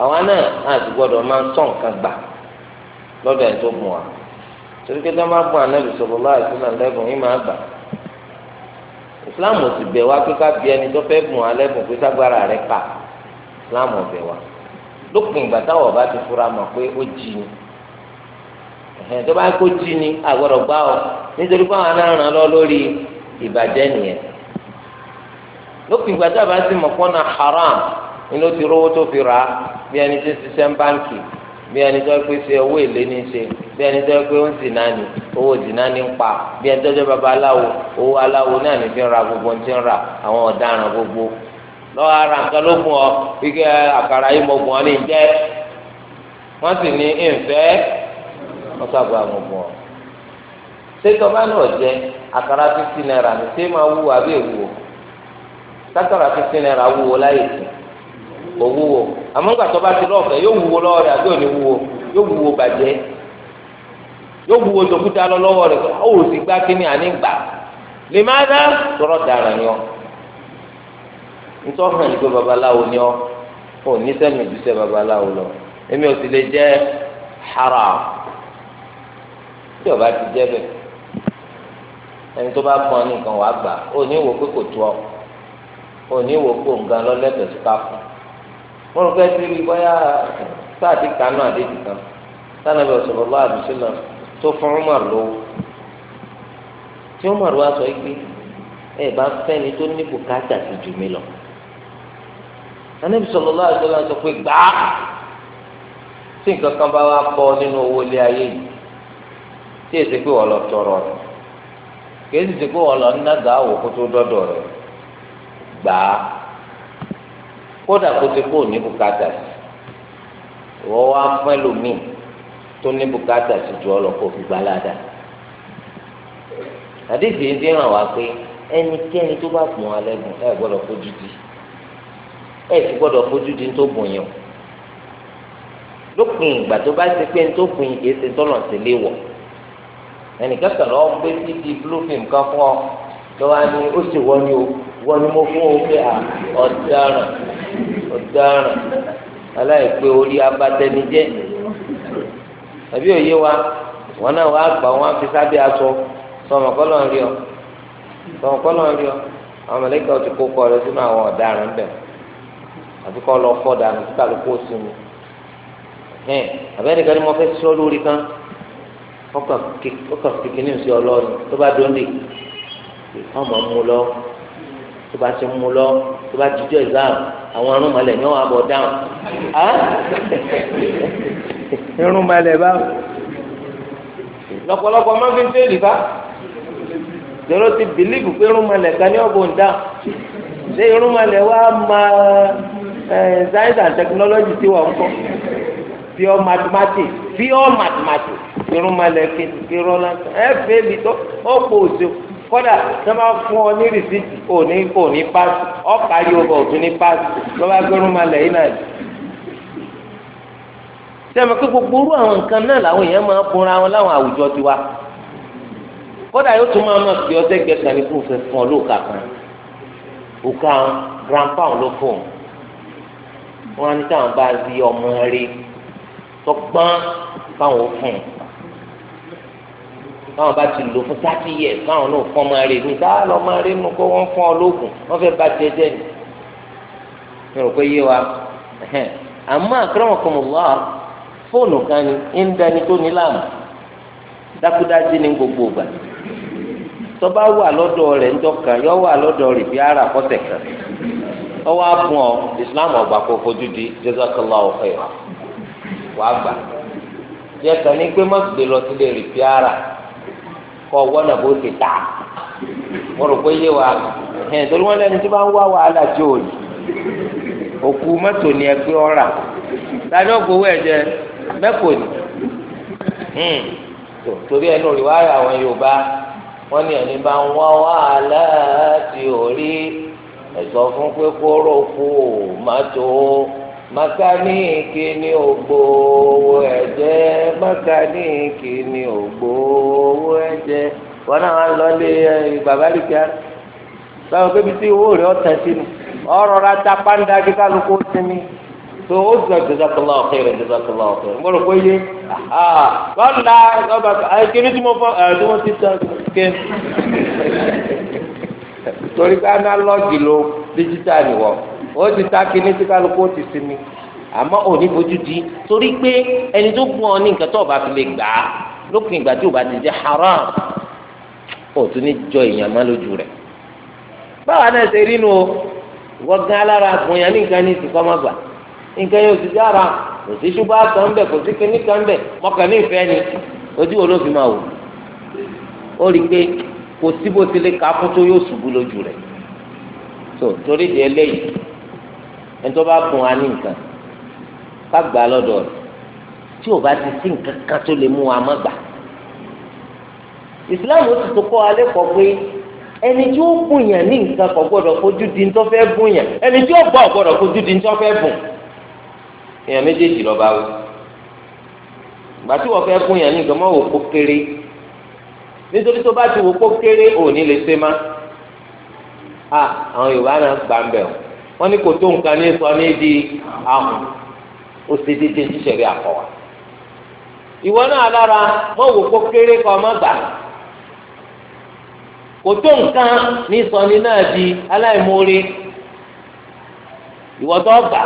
àwa náà àti gbọ́dọ̀ máa ń gba nǹkan gbà lọ́dọ̀ ẹ̀ tó wa torí pé dáná bùn anábì sọ̀rọ̀ láì sí náà lẹ́bùn yín máa gbà Islam sì wá pé ká bí ẹni tó fẹ́ bùn alẹ́bùn pé ságbára kà wá lópin ìgbà táwọn ọba ti fura lópin ìgbà tí a bá mọ̀ haram ni ló ti rówó tó fi rà á bí ẹni tó ṣiṣẹ́ ń báǹkì bí ẹni tó pé ṣe owó èlé ní ṣe bí ẹni tó pé ó ń zìnà ní owó zìnà ní ń pa bí ẹni tó jẹ́ babaláwo owó aláwo náà ní fi ra gbogbo ní ti ń ra àwọn ọ̀daràn gbogbo lọ́wọ́ ara nǹkan ló fún ọ kíkẹ́ àkàrà yìí gùn ní jẹ́ wọ́n sì ní ìfẹ́ wọ́n sábà gùn ṣé náà jẹ àkàrà fifty naira ní ṣé máa wú àbí sátọ̀rà fifteen naira wúwo láyè sí kò wúwo tó bá ti lọ́ọ̀fẹ́ yóò wúwo lọ́wọ́ òní wúwo yóò wúwo bàjẹ́ yóò wúwo lọ lọ́wọ́ rẹ̀ ó gbá kínní àní gbà lè má dá dara yọ nítorí hàn yìí babaláwo ni ọ ò ní ìdúsẹ́ babaláwo lọ èmi ò sì lè jẹ́ ọba onye wò kó nǹkan lọ́lẹ́tọ̀ sí ká fún mo rò pé tí rí bóyá sáàdì kanú àdéjì kan sanabi sallallahu alaihi tó fún Umar lówó tí Umar wá sọ pé ẹ bá fẹ́ni tó ní bùkátà sí jù mí lọ anabi sallallahu alaihi sọ pé tí nǹkan kan bá wá bọ́ nínú owó ilé ayé yìí tí èsì pé wọ́n lọ tọrọ rẹ̀ kì í sì ti pé wọ́n lọ ń gbà á kódà kó ti kó ní bùkátà sí ìwọ wá fún ẹlòmíì tó ní bùkátà sí ju ọ lọ kó fi gbà ládà àdéhùn yìí fi hàn wá pé ẹnikẹ́ni tó bá bùn alẹ́ gùn ẹ gbọ́dọ̀ fojú di ẹ sì gbọ́dọ̀ fojú di tó bùn yẹn o lópin ìgbà tó bá ti pé tó bùn yìí ṣe tọ́nà sí léwọ̀ ẹnìkan kan lọ́ọ́ gbé sí blófin kan fún ọ lọ́wọ́ á ní ó sì wọ́n ní o wọ́n ni mo fún òun pé ọ̀daràn ọ̀daràn aláìpé orí abatẹnijẹ́ àbí òye wa wọn náà wàá gbà wọn fi sábẹ́ aṣọ sọmọ kọ́lọ́ ń rí ọ sọmọ kọ́lọ́ ń rí ọ àwọn mẹlẹ́kẹ́ ọtí kó kọ́ ọ sínú àwọn ọ̀daràn bẹ̀ àti kọ́ lọ fọ́ dànù tí kálukú ó sinmi ẹ̀ àbẹ́nìkan ni mo fẹ́ sọ lórí kan ọkàn kékeré ń sọ ọlọ́run tó bá dóńdè ọmọ mú lọ tó bá ti ń mu lọ tó bá ti jọ exam àwọn arúnmalẹ̀ ni wọ́n á bọ̀ dáhùn á irúnmalẹ̀ bá lọ́pọ̀lọpọ̀ máa fi ń tẹ́lẹ̀ bá lọ́rọ́ ti bìlíìfù pé irúnmalẹ̀ kan ní ọ̀bùn dáhùn ṣé irúnmalẹ̀ wa máa science and technology ti wà ń kọ́ pure mathematics pure mathematics irúnmalẹ̀ kí irọ́ lásán ẹ fẹ́ mi tó ọ̀pọ̀ òṣèlú kódà tí wọ́n bá fún ọ ní rìsíìtì òní òní páàsì ọ̀pá yóò bọ̀ òtún ní páàsì lọ́ba gbẹ́rún máa lẹ̀ yín náà sẹ́mi pé gbogbo orú àwọn nǹkan náà làwọn èèyàn máa bunra wọn láwọn àwùjọ tiwa kódà yóò tún máa ma fi ọtẹ gbẹ̀kan ní kó fẹ́ fún ọ lóòka kan òka grandpa ló fún un wọn á ní káwọn bá rí ọmọ rí tọgbọ́n káwọn fún un báwọn bá ti lò fún thirty years báwọn náà fọ́n máa rí ní dáa lọ́ máa rí nu kó wọ́n fọ́n ọ lóògùn wọ́n fẹ́ bá tiẹ̀ jẹ́ ni. mi rò pé yé wa àmọ́ akramakumullah fóònù kan ni ń dání tó ní láàmú dákúdájí ní gbogbo ìgbà tọ́ba wà lọ́dọ̀ rẹ̀ ńjọ́ kan yọ wà lọ́dọ̀ rẹ̀ bí ara kọ́sẹ̀ kan ọwọ́ abùn ọ islam ọgbà kò fojú di jazakallahu khaira wàá gbà jẹ́ kàn pé má gbé lọ sílé rìpíárà kọ wọ́nà bó ti tà mo rò pé yé wa ẹ̀ torí wọn lẹ́nu tó bá ń wá wàhálà tí ò ní òkú mọ́tò ni ẹgbẹ́ ọ̀rà tani ó gbowó ẹ̀jẹ̀ mẹ́kò ni hmm. torí ẹnu rí wáyà àwọn Yorùbá wọn ní ẹni bá ń wá wàhálà tí ò rí ẹ̀sọ́ fún pé kóró kú mọ́tò ó makaniki ni ògbówó ẹ̀jẹ̀ makaniki ni ògbówó ẹ̀jẹ̀ wọn náà wọn lọ lé bàbá rí kíá báwo pé bíi tí owó rẹ ọ̀tẹ̀ sí ni ọ̀rọ̀ ra ta pàǹdà kí kálukú sinmi tó o sọ jẹsàkọlá ọkẹ rẹ jẹsàkọlá ọkẹ rẹ gbọ́dọ̀ pé yé lọ́la ọba kíni tí mo fọ ẹ̀ẹ́dí wọ́n ti tẹ ké torí ká ná lọ́ọ̀gì lo díjítà nìwọ̀n ó ti ta kíní tí kálukú ó ti sinmi àmọ́ òní fojú di torí pé ẹni tó bù ọ ní nǹkan tó o fi lè gbà á lópin ìgbà tí o bá ti jẹ haram ó tún ní jọ èèyàn má lójú rẹ̀ báwa náà ṣe rí o wọ́n gan alára àgbọ̀nyàn ní nǹkan ní ìsìnkọ́ má gbà nǹkan yóò ti dára kò sí ṣùgbọ́n àtọ̀ ń bẹ̀ kò sí kíní kan bẹ̀ mọ́kàn ní ìfẹ́ ni ojú wo ló fi máa wò ó rí i pé kò sí bó ti lè kà á fún tó yóò ṣubú lójú rẹ̀ tó torí di eléyìí ẹnitọ́ bá bùn wa ní nǹkan ká gbà á lọ́dọ̀ rẹ̀ tí o bá ti sí nǹkan kan tó lè mú wa má gbà. ìsìláàmù ti tó kọ́ alẹ́ kọ́ pé ẹni tí ó bùn yàn ní nǹkan kò gbọ́dọ̀ fojú di ń tọ́ fẹ́ bùn yàn ẹni tí ó bọ̀ ọ̀ gbọ́dọ̀ fojú di ń tọ́ fẹ́ bùn. èèyàn méjèèjì lọ bá wọ ìgbà tí wọ́n fẹ́ bùn ní nǹkan wò kó kéré nítorí tó bá ti wò kó kéré òní lè ṣe má. a àwọn Yorùbá náà gbà ń bẹ̀ wọ́n ní kò tó nǹkan ní sọ ní di ahùn ó ṣe déédéé ní sẹ̀rí àkọ́wà. ìwọ náà lára wọ́n wò kó kéré kọ́ ọmọ gbà kò tó nǹkan ní sọ ní náà di aláìmoore ìwọ tó gbà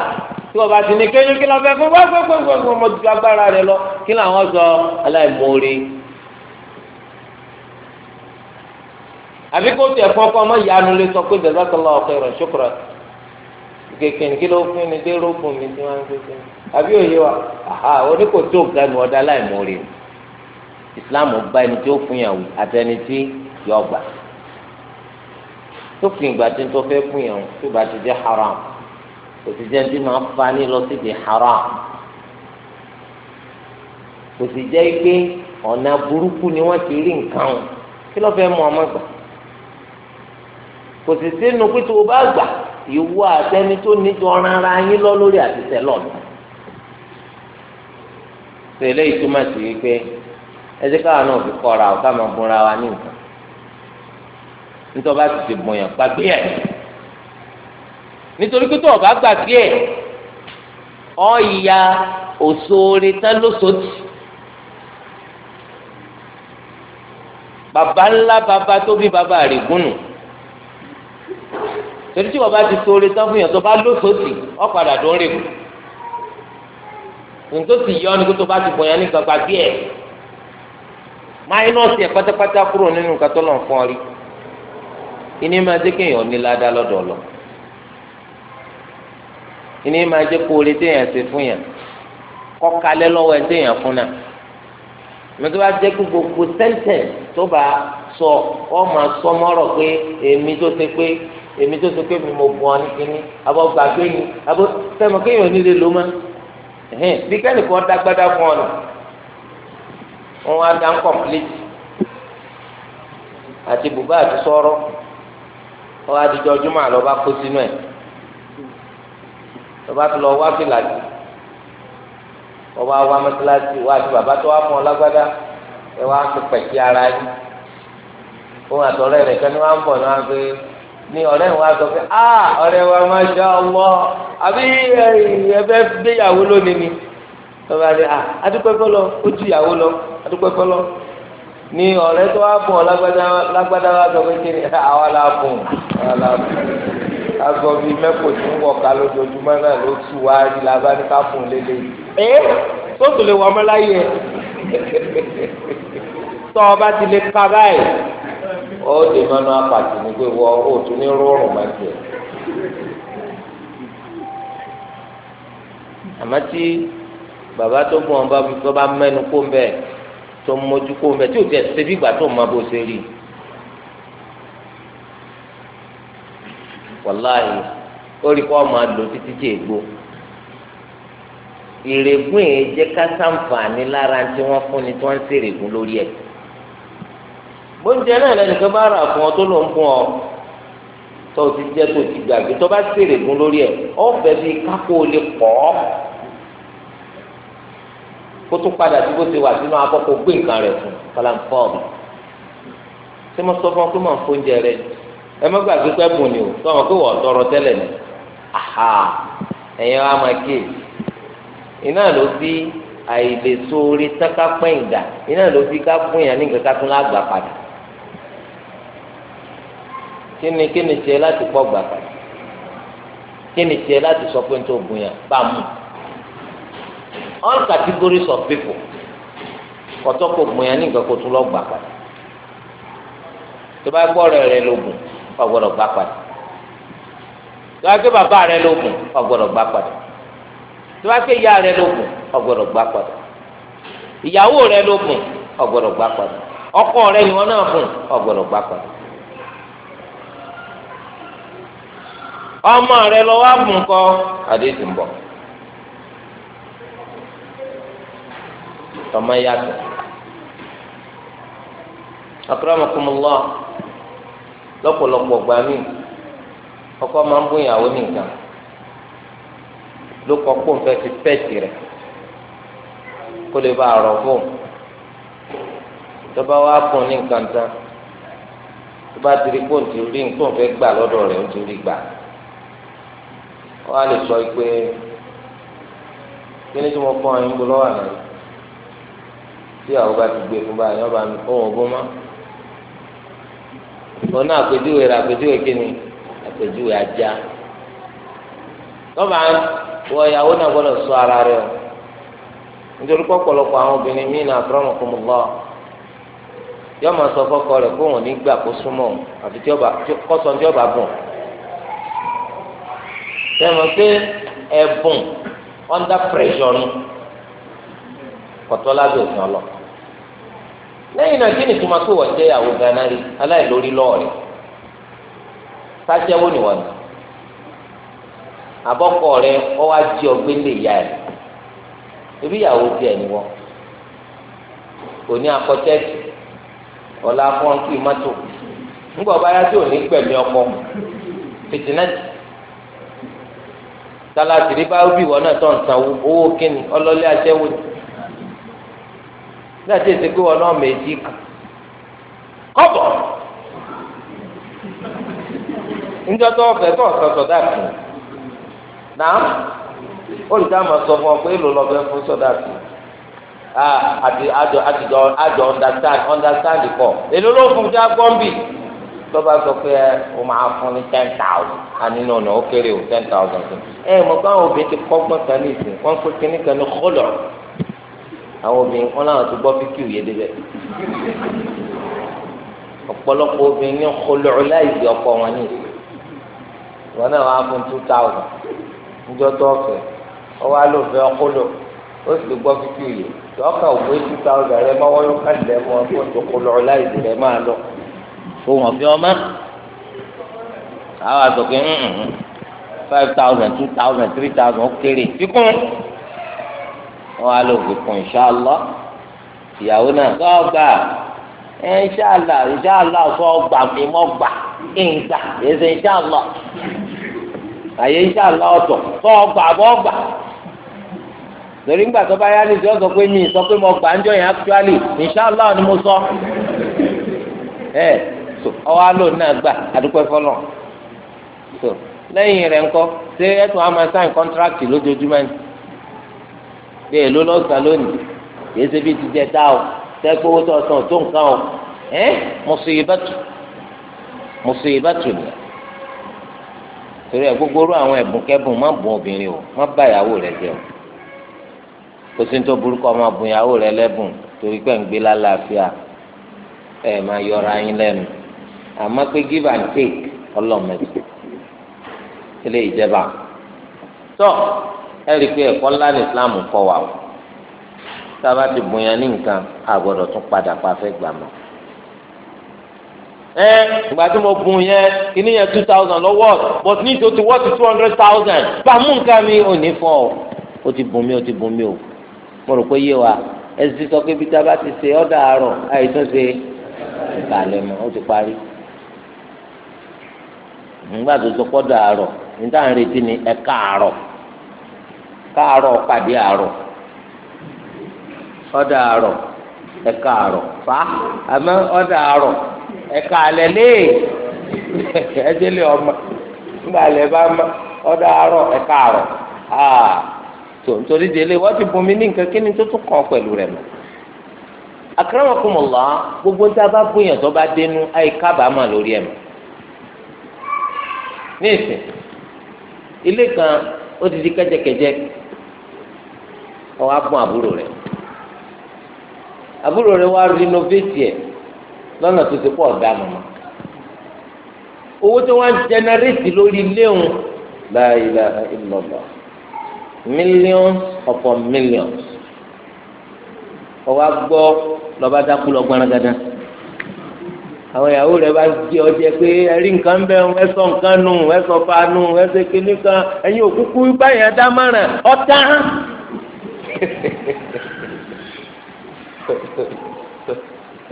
tí wọ́n bá ti ní kéyìn kí lọ́ọ́ fẹ́ fún wọ́n fún fún fún mo ju agbára rẹ lọ kí làwọn sọ aláìmoore. àbí kó tiẹ̀ fọ́ kọ́ ọmọ ìyanu lè sọ pé bẹ̀rẹ̀ sọ́kọ́ lọ́ọ́ kẹrọ̀ ṣókòrò kékeré ní kí ló fún mi dé rógùn mi tí wọ́n ń gbé àbí òye wa àhà oníkòtò ganu ọ̀dà láìmọ̀ọ́rẹ́ ìsìláàmù gba ẹni tí ó fún yàn wí àtẹni tí yọ gbà tó fi ìgbà tí n tó fẹ́ fún yàn tó bá ti jẹ́ haram kò sì jẹ́ ní máa fa ní lọ sí di haram kò sì jẹ́ pé ọ̀nà burúkú ni wọ́n ti rí nǹkan o kí ló fẹ́ mú ọmọ gbà kò sì sínú pé tó o bá gbà ìwọ àtẹni tó níjọ rárá yín lọ lórí àtìsẹ lọnà tẹ́lẹ̀ ìtumọ̀ sí wípé ẹsẹ káwọn náà fi kọra ọ káwọn búra wa ní nǹkan nítorí bá ti ti bọyàn gbàgbé ẹ nítorí pé tó o bá gbàgbé ẹ ọ ìyá òṣòre tán lóṣòtì bàbá ńlá bàbá tó bí bàbá rẹ̀ gúnnù torí tí wọn bá ti sóore tán fún yàn tó bá lóṣooṣì ọ padà dùn rè mú nǹkan sì yọ ni kó tó bá ti bọ̀yàn ní gbàgbà díẹ̀ máyínọ́ọ̀sì ẹ̀ pátápátá kúrò nínú nǹkan tó lọ́n fún ọ rí ìní máa jẹ́ kéèyàn ní ládàá lọ́dọ̀ lọ ìní máa jẹ́ kó oore téèyàn ṣe fún yàn kọ́ lọ́wọ́ ẹ téèyàn fún náà mẹtọ bá jẹ kó gbogbo sẹńtẹ tó bá sọ ọ máa sọ mọ́rọ̀ pé èmi tó ṣe pé èmi tó so pé mo bu ọ ní ni kéèyàn ló bí kẹ́ni dágbádá fún ọ nù wọn á dá nkọ̀pìlìtì àti bùbá àti sọ́rọ́ wọn àlọ́ bá kó sínú ẹ̀ lọ́ba tó lọ wá ọba wa mọ́tíláṣí wa àti bàbá tó wá fún ọ lágbádá ẹ wá pẹ̀kí ara yín àtọ̀rẹ́ rẹ̀ kẹ́ni wá ń bọ̀ ni ọ̀rẹ́ wa sọ pé Ah, ọ̀rẹ́ wa masha Allah àbí ẹ̀fẹ́ gbéyàwó lónìí ni tọ́ba ah, ni a adúpẹ́ fọlọ́ ó ju ìyàwó lọ adúpẹ́ fọlọ́ ni ọ̀rẹ́ tó wá bùn ọ́ lágbádá wa sọ pé kíni [LAUGHS] àwa la bùn àwa la bùn agbọ bíi mẹ́kò tí ń wọ̀ ká lójoojúmọ́ náà ló tù wá rí la bá ní ká bùn lélẹ̀ ẹ́ tó tún lè wọ́n mọ́ láyé [LAUGHS] tọ́ ọ bá ti lè ka báyìí ó dè mọ́nú apàtì ní pé wọ́n ó tún ní rọrùn má tiẹ̀. àmọ́ tí bàbá tó gún ọba tó bá mẹ́nu kó ń bẹ̀ tó mójú kó ń bẹ̀ tí ò tiẹ̀ ṣe bí ìgbà tó máa bó ṣe rí i. wàláhì orí kọ́ máa lò títí tí ègbó ìrègùn yìí jẹ́ ká sàǹfààní lára tí wọ́n fún ni tí wọ́n ń ṣèrègùn lórí ẹ̀ bóúnjẹ náà lẹnìkan bá rà fún ọ tó ló ń fún ọ tó ti jẹ tó ti gbàgbé tó bá sèrè gún lórí ẹ ọ̀fẹ́ bíi kákó lè pọ̀ ọ kó tó padà sí bó ti wà sínú akọkọ gbé nǹkan rẹ fún kalanfọọmù tí mo sọ fún ọ pé mò ń fóúnjẹ rẹ ẹ má gbàgbé pé bùn ni o tó pé wọ́n tọrọ tẹ́lẹ̀ ni aha ẹ̀yin wa máa ké iná ló bí àìlèso orí tán ká pẹ́yìn dà iná ló bí ká fún yàn ní nǹkan ká tún lágbà padà kíni kíni tiẹ̀ láti pọ̀ gbàgbà kíni tiẹ̀ láti sọ pé nítorí ògùn yẹn bá mú all categories of people kọtọ́kọ̀ ògùn yẹn ní nǹkan kó tún lọ gbàgbà tó bá gbọ́ ọ̀rẹ́ rẹ lóògùn ọ̀gbọ́dọ̀ gbà padà tó bá gbé bàbá rẹ lóògùn ọ̀gbọ́dọ̀ gbà padà tó bá gbé ìyá rẹ lóògùn ọ̀gbọ́dọ̀ gbà padà ìyàwó rẹ lóògùn ọ̀gbọ́dọ̀ gbà padà ọkọ rẹ ni wọn náà fún ọ̀gbọ́dọ̀ gbà padà. ọmọ rẹ lọ wá fún kọ àdéhùn ń bọ̀ tọmọ yàtọ̀ lọ lọpọlọpọ gbà mí ọkọ máa ń bún ìyàwó nìkan ló kọ kó n fẹ́ fi rẹ kó lè bá àrọ̀ fún un tó bá wá fún un ní nǹkan tán tó bá ti rí kó wọ́n á lè sọ pé kí ni tí mo kọ́ tí àwọn bá ti gbé fún báyìí wọ́n bá ohun ọgbọ́n mọ́ òun náà àpèjúwe rẹ̀ àpèjúwe kí àpèjúwe ajá lọ́ba wọ ìyàwó náà gbọ́dọ̀ sọ ara rẹ̀ o nítorí pọ̀pọ̀lọpọ̀ àwọn obìnrin míì náà lọ máa sọ fọ́kọ rẹ̀ kó ní gbà kó ọba sẹ́wọ̀n pé ẹ̀bùn under pressure nù kọ̀tọ́ lábẹ́ ọlọ. lẹ́yìn náà kí ni tó wọ́n jẹ́ ìyàwó gánà rí aláìlórí lọ́ọ̀rẹ́ sájẹ́wó nìwọ̀n rẹ ọ wá ọgbẹ́ lè yá ebi ìyàwó tiẹ̀ ni wọ́n òní akọ́tẹ́ẹ̀tì ọ̀la fọ́nkì mọ́tò ńgbọ̀ báyá tí ò ní pẹ̀lú ọkọ fìtínẹ́tì. tálásìrí bá bí ìwọ náà tó ń san owó kíni ọlọ́lé aṣẹ́wó ni nígbà tí èsì pé ìwọ náà méjì kàn kọ́bọ̀ níjọ́ tó ọ̀fẹ́ tó ọ̀sán sọ̀dá kù náà olùdámọ̀ sọ fún ọ pé èlò lọ́fẹ́ fún sọ̀dá kù ah, àti àjọ àjọ understand understand kọ èlò ló fún jágbọ́n bíi tọ́ba sọ pé ẹ o máa fún ní ten thousand ànínú ọ̀nà ó kéré o ten thousand fún ẹ mọ̀ pé àwọn obìnrin ti kọ́gbọ́n kan ní ìsìn wọ́n pé kíní kan ní kọ́lọ̀ àwọn obìnrin kan láwọn ti gbọ́ fíkì òye débẹ̀ ọ̀pọ̀lọpọ̀ obìnrin ní kọ́lọ̀ láìsí ọkọ wọn ní ìsìn wọn náà wàá fún two thousand níjọ́ tó ọ̀fẹ́ ọ wá lò fẹ́ ó sì gbọ́ fíkì òye tọ́ka òwe two thousand rẹ máa wọ́n ló kálí ohun ọ̀fin ọmọ àwọn àtọ̀ mm, mm, mm. five thousand two thousand three thousand ó kéré fikún wọn á lò fikún inṣàlá ìyàwó náà sọ́ọ̀gbà inṣàlá inṣàlá sọ́ọ̀gbà mi mọ́ gbà ìgbà èsì inṣàlá àyè inṣàlá ọ̀tọ̀ sọ́ọ̀gbà mọ́ gbà lórí ńgbà tó bá yá ní ìjọ sọ pé mi sọ pé mo gbà ń jọ actually inṣàlá ni mo sọ ẹ so ọwọ́ àlò náà gbà àdúpẹ́ fọlọ́ so lẹ́yìn rẹ̀ ńkọ́ ṣé ẹ̀tún àmọ́ sáìn kọ́ńtrákì lójoojúmọ́ ni bẹ́ẹ̀ ló lọ́sàn-án lónìí kìí ṣe bí ti jẹ dá o tẹ́gbẹ́ owó tó ọ̀sán tó nǹkan o ẹ́ mùsùlùmí mùsùlùmí ni torí ẹ gbogbo rú àwọn ẹ̀bùn kẹ́bùn má bùn obìnrin o má bá ìyàwó rẹ jẹ o kò sí ní tó burúkọ má bùn ìyàwó rẹ lẹ́bùn torí pé ń gbé lálàáfíà ẹ máa yọra yín lẹ́nu àmọ́ pé give and take ọlọ́mọdé ilé ìjẹba tó ẹ rí i pé ẹ̀kọ́ ńlá ní Islam kọ́ wa o sábà ti bùnyàn ní nǹkan àgbọ̀dọ̀ tún padà pa fẹ́ gbà mọ́ ẹ ìgbà tí mo bùn yẹn kíní yẹn two thousand lọ́wọ́ but ní ìṣó ti wọ́ọ̀tì two hundred thousand bá mú nǹkan mi ò ní fọ́ ọ ó ti bùn mí ó ti bùn mí o mo rò pé yé wa ẹ sì sọ pé bí tá a bá ti ṣe ọ́dà àárọ̀ àìsàn ṣe ìbàlẹ̀ mọ́ ó ti parí. ńgbà tó sọ ndị àárọ̀ níta ń retí ni ẹ káàárọ̀ káàárọ̀ pàdé àárọ̀ ọ̀dà àárọ̀ ẹ fa àmọ́ ọ̀dà ẹ káàlẹ̀ [LAUGHS] ọmọ ńgbà lẹ bá ma ọ̀dà àárọ̀ ẹ káàárọ̀ aa tó nítorí délé wọ́n ti bomi ní nǹkan kíni tó gbogbo ń tá a bá gbóyàn tó bá dénú àyíká ní ìsìn ilé kan ó ti di kẹjẹkẹjẹ ọwọ́ agbọn àbúrò rẹ̀ àbúrò rẹ̀ wá rinoveti ẹ lọ́nà tó ti pọ̀ ọdá mọmọ owó tó wá ń jẹnẹrétì lórí léwu la ilaha millions upon millions ọwọ́ agbọ lọba dákú lọ gbọnagadá àwọn ìyàwó rẹ bá jẹ ọjẹ pé ẹrí nǹkan ń bẹ ń ẹsọ nǹkan nù ẹsọ fa nù ẹsẹ kínní kan ẹyin òkúkú báyìí ẹdá márùn ọtá [LAUGHS]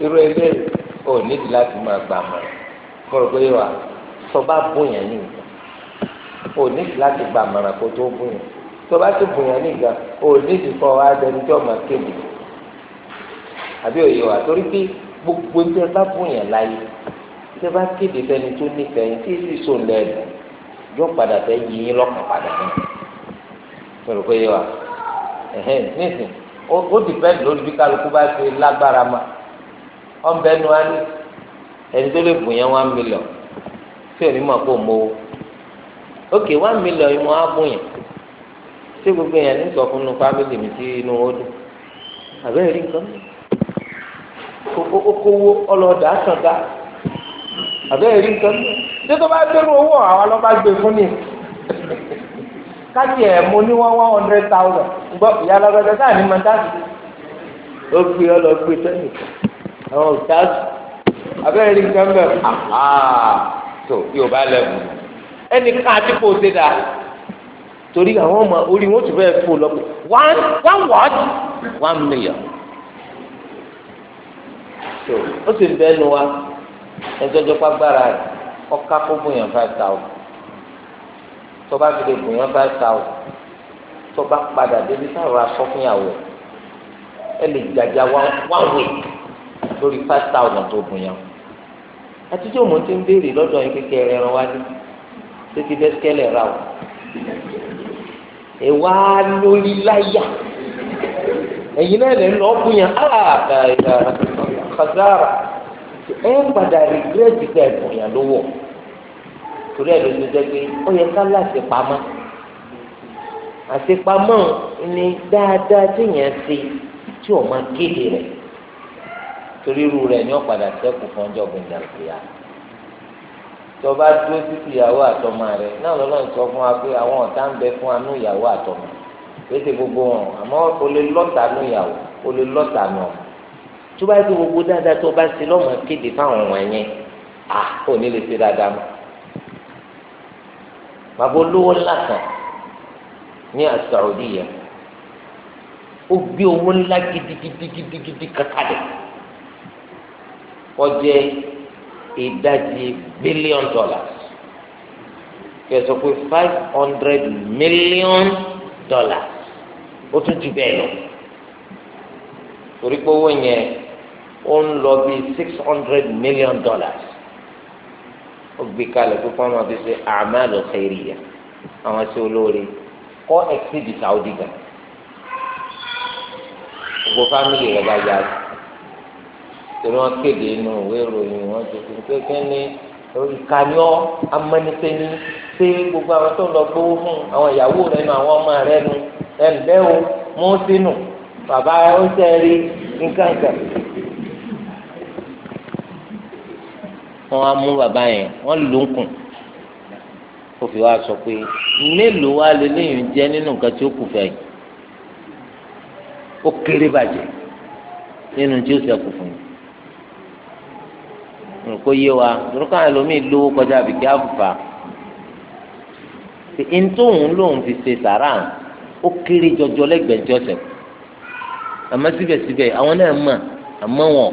irú ẹgbẹ ò nídìí láti máa gbà mọ kọrọ pé wà sọ bá bóyá ní ìgbà ò nídìí láti gbà mọ̀ràn kó tó bóyá tó bá ti bóyá ní ìgbà ò nídìí kọ́ adẹnudọ́ máa kéde àbí òye wà torí pé gbogbo tẹ bá fún yẹn láyé tẹ bá kéde fẹni tó nífẹ̀ẹ́ yín tí èsì sòun lẹ́nu yọ padà fẹ́ yí yín lọ́kàn padà náà pẹ̀lú pé wa ẹ̀hẹ́n nísìn ó dìpẹ́ndì lórí bí kálukú bá ṣe lágbára ma ọ̀nbẹ́nu á ní ẹni tó lè bùn yẹn one million tí ò ní mọ̀ kó mowó ókè one million yìí mo á bùn yẹn ṣé gbogbo yẹn ní sọ fún un fámìlì mi tí inú ó dùn àbẹ́rẹ́ rí nǹkan mìíràn okòwò ọlọ́dà àtàndá àbẹ́rẹ́ rí nǹkan tí tó bá gbẹ́rù owó àwọn ọlọ́ba gbé fún ni káàkiri ẹ̀ mo ní one one hundred thousand gbọ́ ìyá alágbàdá sáà ní mọ́tàkì ó gbé ọlọ́gbé sẹ́yìn àwọn òtáàsì àbẹ́rẹ́ rí nǹkan bẹ́ẹ̀ tó yóò bá lẹ́mú ẹnì kan àti kò ṣe dáa torí àwọn ọmọ orí wọn tún fẹ́ẹ́ fò lọ́pọ̀ one one what one million ó sì bẹ́ẹ̀ nu wa ẹjọ́jọ́ pàgbára rẹ̀ ọ̀ka kó bùyàn five thousand tó bá fi lè bùyàn five thousand tó bá padà débi sára sọ fún yàwó ẹ lè jàjà one week lórí five thousand tó bùyàn àtijọ́ mo ti ń béèrè lọ́dọ̀ yín kékeré ẹran wá dé títí bẹ́sikẹ́lẹ̀ ra o ìwà lórí láyà ẹ̀yin náà lè lọ́ọ́ bùyàn ah, kàzára ẹ ń padà rìgírẹ́tì pé ẹ̀bùn yẹn ló wọ̀ torí ẹ̀ ló ti jẹ́ pé ó yẹ ká láti pamọ́ àtipamọ́ ni dáadáa téèyàn ṣe tí ò máa kéde rẹ̀ torí irú rẹ̀ ni ó padà sẹ́kù fún ọjọ́ gbẹ̀dàgbẹ̀yà tó bá dúró títí ìyàwó àtọmọ rẹ̀ náà lọ́nà sọ fún wa pé àwọn ọ̀tá ń bẹ fún anú ìyàwó àtọmọ pété gbogbo wọn àmọ́ o lọ́tà nú ìyàwó o lọ́tà nú ọmọ tó bá yẹ gbogbo dáadáa tó bá ṣe lọ́mọ kéde fáwọn wọn yẹn à ò ní lè ṣe dáadáa mọ́ bàbá olówó ńlá kan ní Saudi yẹn ó gbé owó ńlá gidigidigidigidi kankalẹ̀ wọ́n jẹ́ ìdajì bílíọ̀n dọ́là kẹsàn pé five hundred million dollars ó tún ju bẹ́ẹ̀ lọ torí pé owó yẹn ó ń lọ bí six hundred million dollars ó gbé kalẹ̀ tó fún ọmọ fífi àmàlù xèrìyà àwọn sí olóore kọ́ ẹ̀sìdì sàwùdí gan gbogbo fámìlì rẹ̀ bá yá torí wọn kéde inú ìwé ìròyìn wọn ti fi kéke ní ìkànnìọ́ amẹ́nisẹ́ni ṣé gbogbo àwọn tó ń lọ gbowó fún àwọn ìyàwó rẹ̀ nù àwọn ọmọ rẹ̀ nù ẹ̀ ń bẹ́ o mú sínú bàbá ó sẹ́ẹ̀rí nǹkan kan. wọ́n á mú bàbá yẹn wọ́n lù ú kùn kó fi wá sọ pé mélòó wá lélẹ́yìn jẹ́ nínú nǹkan tí ó kù fẹ́ yìí ó kéré bàjẹ́ nínú tí ó ṣẹ́kù fún yìí nǹkó yé wa dùrúkọ àwọn ẹlòmíì lówó kọjá àbíkí àbùfà ntòhún lòun fi ṣe sàrà ó kéré jọjọ lẹ́gbẹ̀ẹ́ jọ́sẹ̀ àmọ́ síbẹ̀síbẹ̀ àwọn náà mọ̀ àmọ́ wọn ò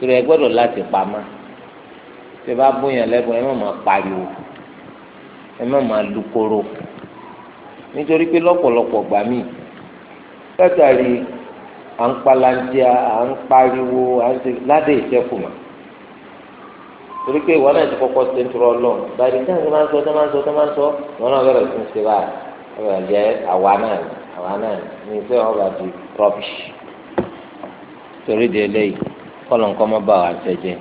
torí ẹ gbọ́dọ̀ láti pamọ́ tí ẹ bá bóyàn lẹ́bùn ẹ má máa pariwo ẹ má máa lukoro nítorí pé lọ́pọ̀lọpọ̀ gbà mí látàrí à ń palantia à ń pariwo à ń ṣe ládé ìṣẹ́kùmọ̀ torí pé ìwọ náà ti kọ́kọ́ ṣe ń tọrọ ọlọ́run báyìí tí wọ́n máa ń sọ tí wọ́n máa ń sọ tí máa ń sọ ìwọ náà bẹ̀rẹ̀ sí ń ṣe báyìí ọ̀rọ̀ ẹ̀jẹ̀ àwa náà àwa náà ní ìṣe ọ̀rọ̀ àti rọ́bìṣì torí di eléyìí kọlọ̀ nǹkan má bà wá sẹ́jẹ́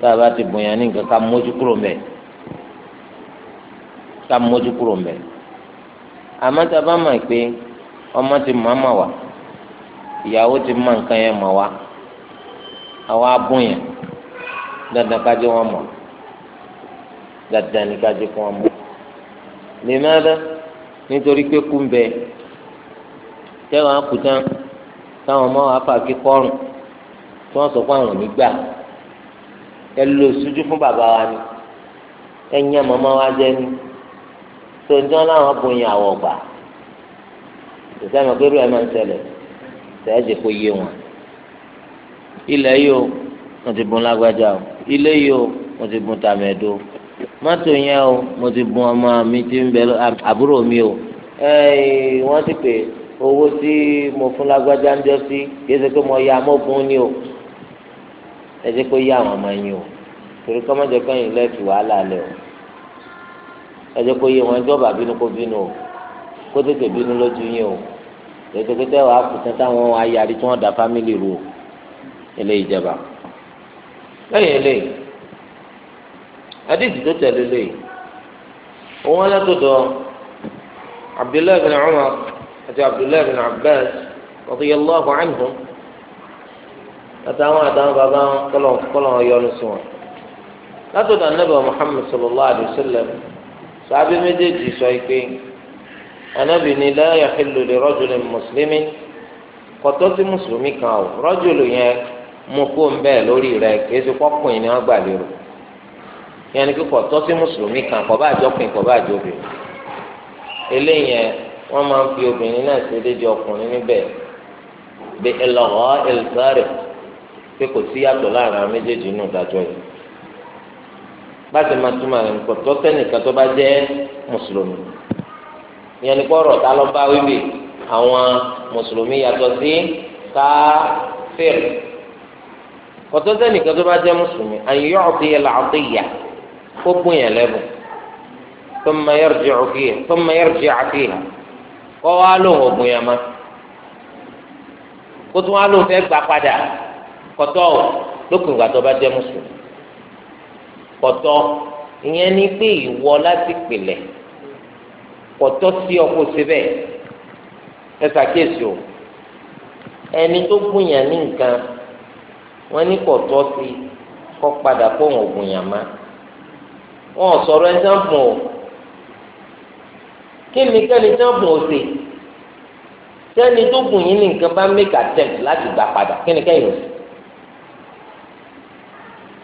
tá a bá ti bonya ní nǹkan ká mójú kúrò mbẹ̀ ká mójú kúrò mbẹ̀ àmọ́ tá a bá mọ̀ pé ọmọ ti mọ̀ mà wá ìyàwó ti mọ̀ nǹkan yẹn mọ̀ wá àwọn abóyàn dandan kájé wọn mọ̀ dandan ní kájé kó wọn mọ̀ lèmọ́dá nítorí pé kú ń tẹ́wọ̀n á táwọn ọmọ wa fà kí kọ́rùn tí wọ́n sọ pé àwọn ò ní gbà ẹ lò sójú fún bàbá wa ni ẹ yan màmá wa jẹ ni tó ń tán láwọn bóyin àwọ̀ ọ̀gbà ìsáyẹ̀mọ̀ pé rúwẹ̀ máa ń ṣẹlẹ̀ sẹ́ẹ̀dì kò yé wọn ilẹ̀ yìí o mo ti bùn lágbájá o ilé yìí o mo ti bùn tàmẹ̀dó mọ́tò yẹn o mo ti bùn ọmọ mi ti ń bẹ àbúrò mi o wọ́n ti pè owó tí mo fún lágbájá ń jọ sí kí ẹ ṣe pé mo ya mo bùn ni o ẹ jẹ́ kó yá àwọn ọmọ yín o torí kọ́ mọ́jọ kẹ́yìn lẹ́ẹ̀fì wàhálà lẹ̀ o ẹ jẹ́ kó yé wọn ẹjọ́ bàbí ni kó bínú o kó tètè bínú lójú yín o ètò pété wàá kù táwọn ayárí tí wọ́n da fámìlì rú o eléyìí jẹba lẹ́yìn eléyìí adéjì tó tẹ̀lé eléyìí òun alátòdò abdullahi bin umar àti abdullahi bin abbas radiyallahu anhum àtàwọn àtàwọn bàbá wọn kọlọ̀ kọlọ̀ yọnu sí wọn. látọ̀dọ̀ anábì muhammed sallallahu alayhi wa sallam sàbí méjèèjì sọ pé anábì ni la yahillu li rajulin muslimin kọ̀tọ́ sí mùsùlùmí kan o rajulu yẹn mú kó ń lórí rẹ̀ kìí ṣe ni wọ́n gbà lérò yẹn ni kíkọ̀ tọ́ sí mùsùlùmí kan kọ̀ bá àjọkùn kọ̀ eléyẹn wọ́n máa ń fi obìnrin náà ṣe déédéé ọkùnrin níbẹ̀ bí ẹlọ́ọ̀ ẹlẹ́sàrẹ̀ pé kò sí yàtọ̀ láàrin àwọn méjèèjì nínú ìdájọ́ yìí báṣẹ máa túmọ̀ rẹ̀ nǹkan tó sẹ́nìkan tó bá jẹ́ mùsùlùmí ìyẹn ní kọ́rọ̀ ta ló bá wíwì àwọn mùsùlùmí yàtọ̀ sí káfíìr kọ́tọ́ sẹ́nìkan tó bá jẹ́ mùsùlùmí àyùyọ́ ọ̀tí yẹn là ọ̀tí yà kó gbó yẹn lẹ́bùn tó mọ yẹrù jẹ́ àfihàn kọ́ wa lóhùn ògùn yẹn ma kó tún wa lóhùn fẹ́ gbà padà kọtọ o lópin ìgbà tó bá jẹ́ mùsùlùmí kọtọ ìyẹn ni pé ìwọ láti pìlẹ̀ kọtọ sí ọkọ síbẹ̀ ẹ ṣàkíyèsí o ẹni tó gbìyàn ní nǹkan wọn ní kọtọ sí kọ padà kó wọn gbìyàn má wọn sọ̀rọ̀ ẹni o kí ni kẹ́ni tó ń bùn o sí sẹ́ni tó gùn yín ní nǹkan bá make attempt láti gbà padà kí ni kẹ́yìn o sí.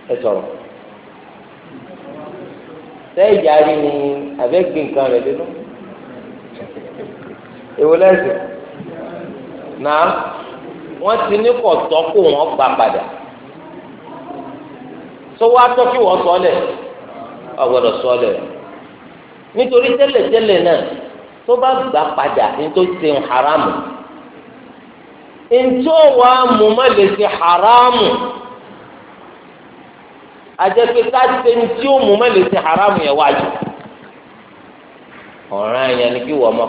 ẹ sọ̀rọ̀ sẹ́yìn ni àbẹ́gbé nǹkan náà wọ́n ti ní kọ̀tọ́ kó wọ́n gbà padà sọ́wọ́ atọ́ kí wọ́n sọ sọ lẹ̀ nítorí tẹ́lẹ̀tẹ́lẹ̀ náà tó bá gbà padà ní haramu ntọ́ wa mú má lè haramu. àjẹpẹ káṣíṣe ní tí ó mú mẹlẹ ti haramu yẹn wájú ọ̀ràn yẹn ni kí wọ́n mọ̀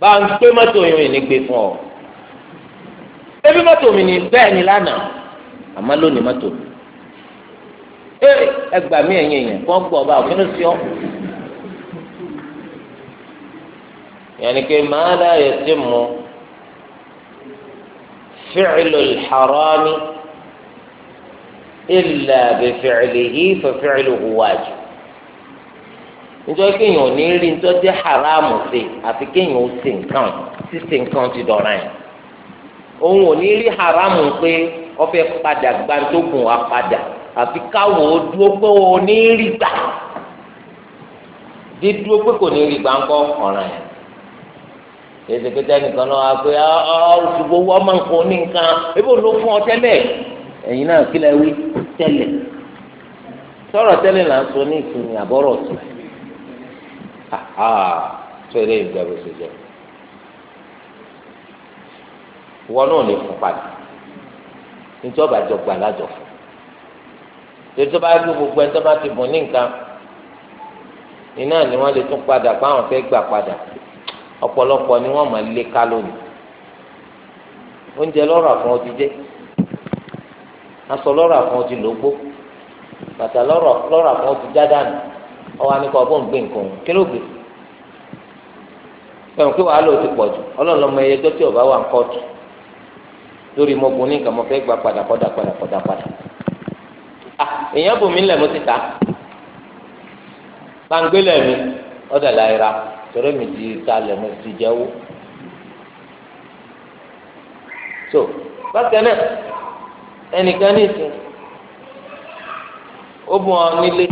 bá ń gbé mọ́tò yẹn ní gbé fún ọ ebi mọ́tò mi ni bẹ́ẹ̀ ni lánàá àmọ́ lónìí mọ́tò mi ẹgbàá mi ẹ̀yìn ẹ̀yìn kọ́ gbọ́ òfin sí ọ. إلا بفعله ففعله واجب. fi'luhu wajib nítorí kéèyàn ò ní rí nítorí haramu ṣe àfi kéèyàn ó ṣe nǹkan tí ṣe nǹkan ti dọ̀ra yẹn òun ò ní rí haramu pé ọfẹ padà gbantógun wa padà àfi káwọ ó dúró pé ó ní rí gbà dídúró pé kò ní rí gbà ńkọ ọ̀ràn yẹn èsì pété nìkan náà wá pé ọ ọ ṣùgbọ́n ọmọ nǹkan oníkan ebó ló fún ọ tẹ́lẹ̀ ẹ̀yin náà kí lẹ wí tẹ́lẹ̀ sọ̀rọ̀ tẹ́lẹ̀ là ń sọ ní ìsinmi àbọ̀rọ̀ tó tó ilé ìgbà bó ṣe jẹ ìwọ náà lè fún padà nítorí jọ gbà lájọ fún torí bá gbé ni lè tún padà báwọn gbà padà ọ̀pọ̀lọpọ̀ ni wọ́n máa lé ká lónìí oúnjẹ lọrọ àfọwọ́ ti aṣọ lọ́rọ̀ àfọ̀n ti lógbó bàtà lọ́rọ̀ àfọ̀n ti já dànù ọwọ́ anìkọ́ ọgbọ́n gbé nǹkan òun kí ló gbé fẹ́ràn pé wàhálà ò ti pọ̀ jù ọlọ́run lọ́mọ ẹyẹ tó tí ọba wà ń kọ́ọ̀tù lórí mọ́gun ní nǹkan mo fẹ́ gba padà kọ́dà padà kọ́dà padà ah, èèyàn bò mí lẹ̀ mo ti ta gbangbélẹ̀ mi ọ̀dà láyìíra torí mi ti ta lẹ̀ mo ti jẹ́wọ́ so bákan náà ẹnìkan ní ìsìn ó bù wọn nílé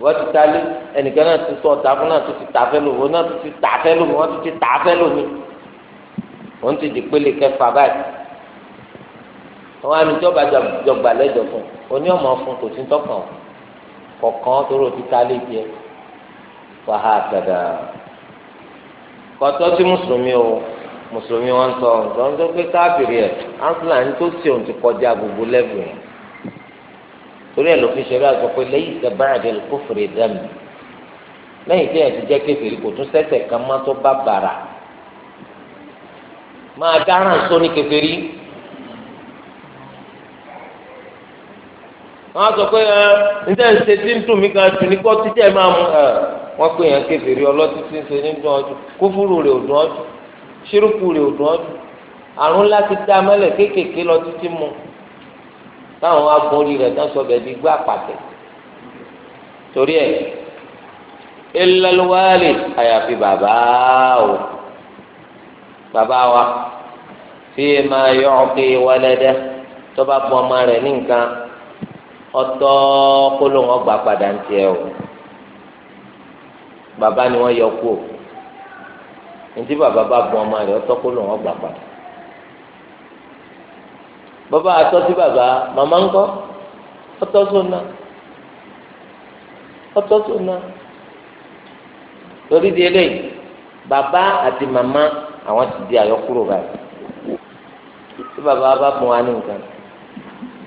wọ́n ti ta lé ẹnìkan náà ti tọ́ ọ̀tá fún náà tó ti tà fẹ́ lò wọ́n náà tó ti tà fẹ́ lò wọ́n tó ti tà fẹ́ lò mí wọ́n ti di pélé kẹfà báyìí àwọn àmìjọba jọgbà lẹ́jọ́ fún oní ọmọ fún kò sí tọkàn kọ̀ọ̀kan tóró ti ta lé jẹ wàhálà tàdà kọ́tọ́ sí mùsùlùmí o mùsùlùmí wọn sọ ọ̀sán tó pé káàpìrì ẹ̀ áfúlàní tó ti òun ti kọjá gbogbo lẹ́bù yẹn torí ẹ̀ ló fi ṣeré àgbọ̀ pé lẹ́yìn ìtẹ̀báradì kò fèrè dẹ́mi lẹ́yìn tí ẹ̀ ti jẹ́ kékeré kò tún sẹ́sẹ̀ kan má tó bá bàrà máa dáràn sóní kékeré wọ́n á sọ pé ẹ ǹjẹ́ ń ṣe tí ń dùn mí kan jù ní kó títí ẹ máa mú ẹ wọ́n pè yẹn kékeré ọlọ́tí tí ń ṣe ní dùn ọdún kófúrú rẹ̀ ò dùn ọdún ṣírùkù rẹ̀ ò dùn ọdún àrùn ńlá ti dá mẹlẹ kéékèèké lọ títí mu táwọn agun orí rẹ̀ tán sọ bẹ́ẹ̀ bí gbá pàtẹ torí ẹ ìlẹlúwàlì àyàfi bàbá o bàbá wa fi máa yọ ọkẹ wálẹdẹ tó bá bọ ọmọ rẹ̀ ní nǹkan ọtọ kólóhùn ọgbà padà ń tiẹ o bàbá ni wọn yọ kú o ntí bàbá bá bọ ọmọ rẹ̀ ọtọ́ kó lòun ọgbà padà bàbá atọ́ sí bàbá màmá ńkọ́ ọtọ́ sóná ọtọ́ sóná torí di eléyìí bàbá àti màmá àwọn ti di àyọkúrò báyìí tí bàbá bá bọ wa ní nǹkan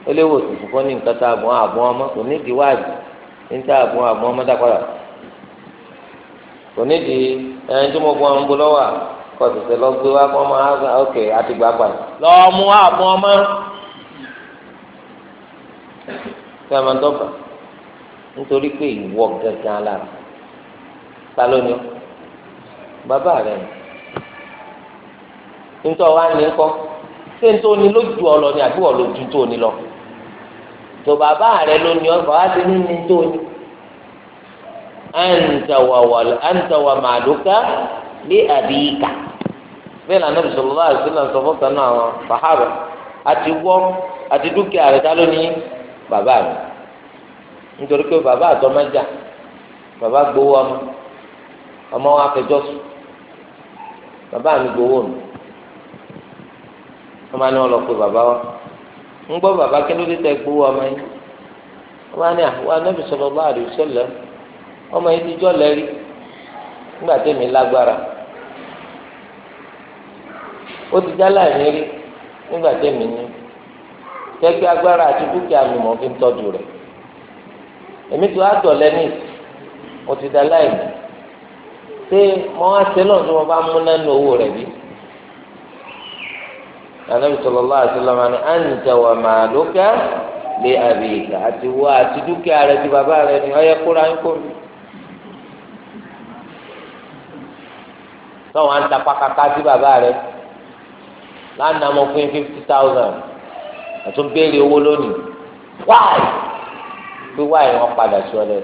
ó léwòsàn fún ní nǹkan tá a bọ ọmọ kò ní ìdíwájú ní tá a bọ àbọ ọmọ dákọ̀dà onídìí ẹni tí mo gbọ́n ń bọ́ lọ́wọ́ kọ́ tètè lọ gbé wá kọ́ máa ń ok àti gbàgbà lọ́ọ́ mú àbọ̀ ọmọ kí a máa dọ́gba nítorí pé ìwọ gẹ́gẹ́ alára ta ló ní bàbá rẹ nítorí wa ní kọ́ ṣé nítorí ní lójú ọ lọ ni àbí wọ́n lójú tó ní lọ tó bàbá rẹ ló ní ọ bàbá ti ní ní tó ní. ẹ̀ǹtẹ̀wà màdùkà lé àbíkà bẹ́ẹ̀ lànà bisalòlá àdìsílà sọ fún kanú àwọn sàhábà àti wọ́ àti dúkìá rẹ̀ dá lónìí bàbá mi nítorí pé bàbá àtọ́mọ́jà bàbá gbowó ọmọ ọmọ wa fẹjọ́ sùn bàbá mi gbowó mi ọmọ ni wọn lọ bàbá wa ń bàbá kí ló dé tẹ gbowó ọmọ yìí ni àwọn ọmọ yìí ti jọ lẹ́rí nígbà tẹ̀mí lágbára ó ti jálá ẹ̀mí rí nígbà tẹ̀mí ní tẹ́gbẹ́ agbára àti dúkìá mi mọ̀ fi ń tọ́jú rẹ̀ èmi tó á dọ̀ lẹ́ní mo ti dá láìní ṣé mo wá ṣe náà tí mo bá mú nánú owó rẹ̀ bí anabi sallallahu alaihi wasallam ni anta wa maluka li abika àti wá àti dúkìá rẹ̀ ti bàbá rẹ̀ ni ọyẹ kóra ń kó mi. tọ́wọ́n à ń tapá kaka sí bàbá rẹ lánàá mo fún fifty thousand àtún béèrè owó lónìí wáì bí wáì wọn padà sí ọlẹ.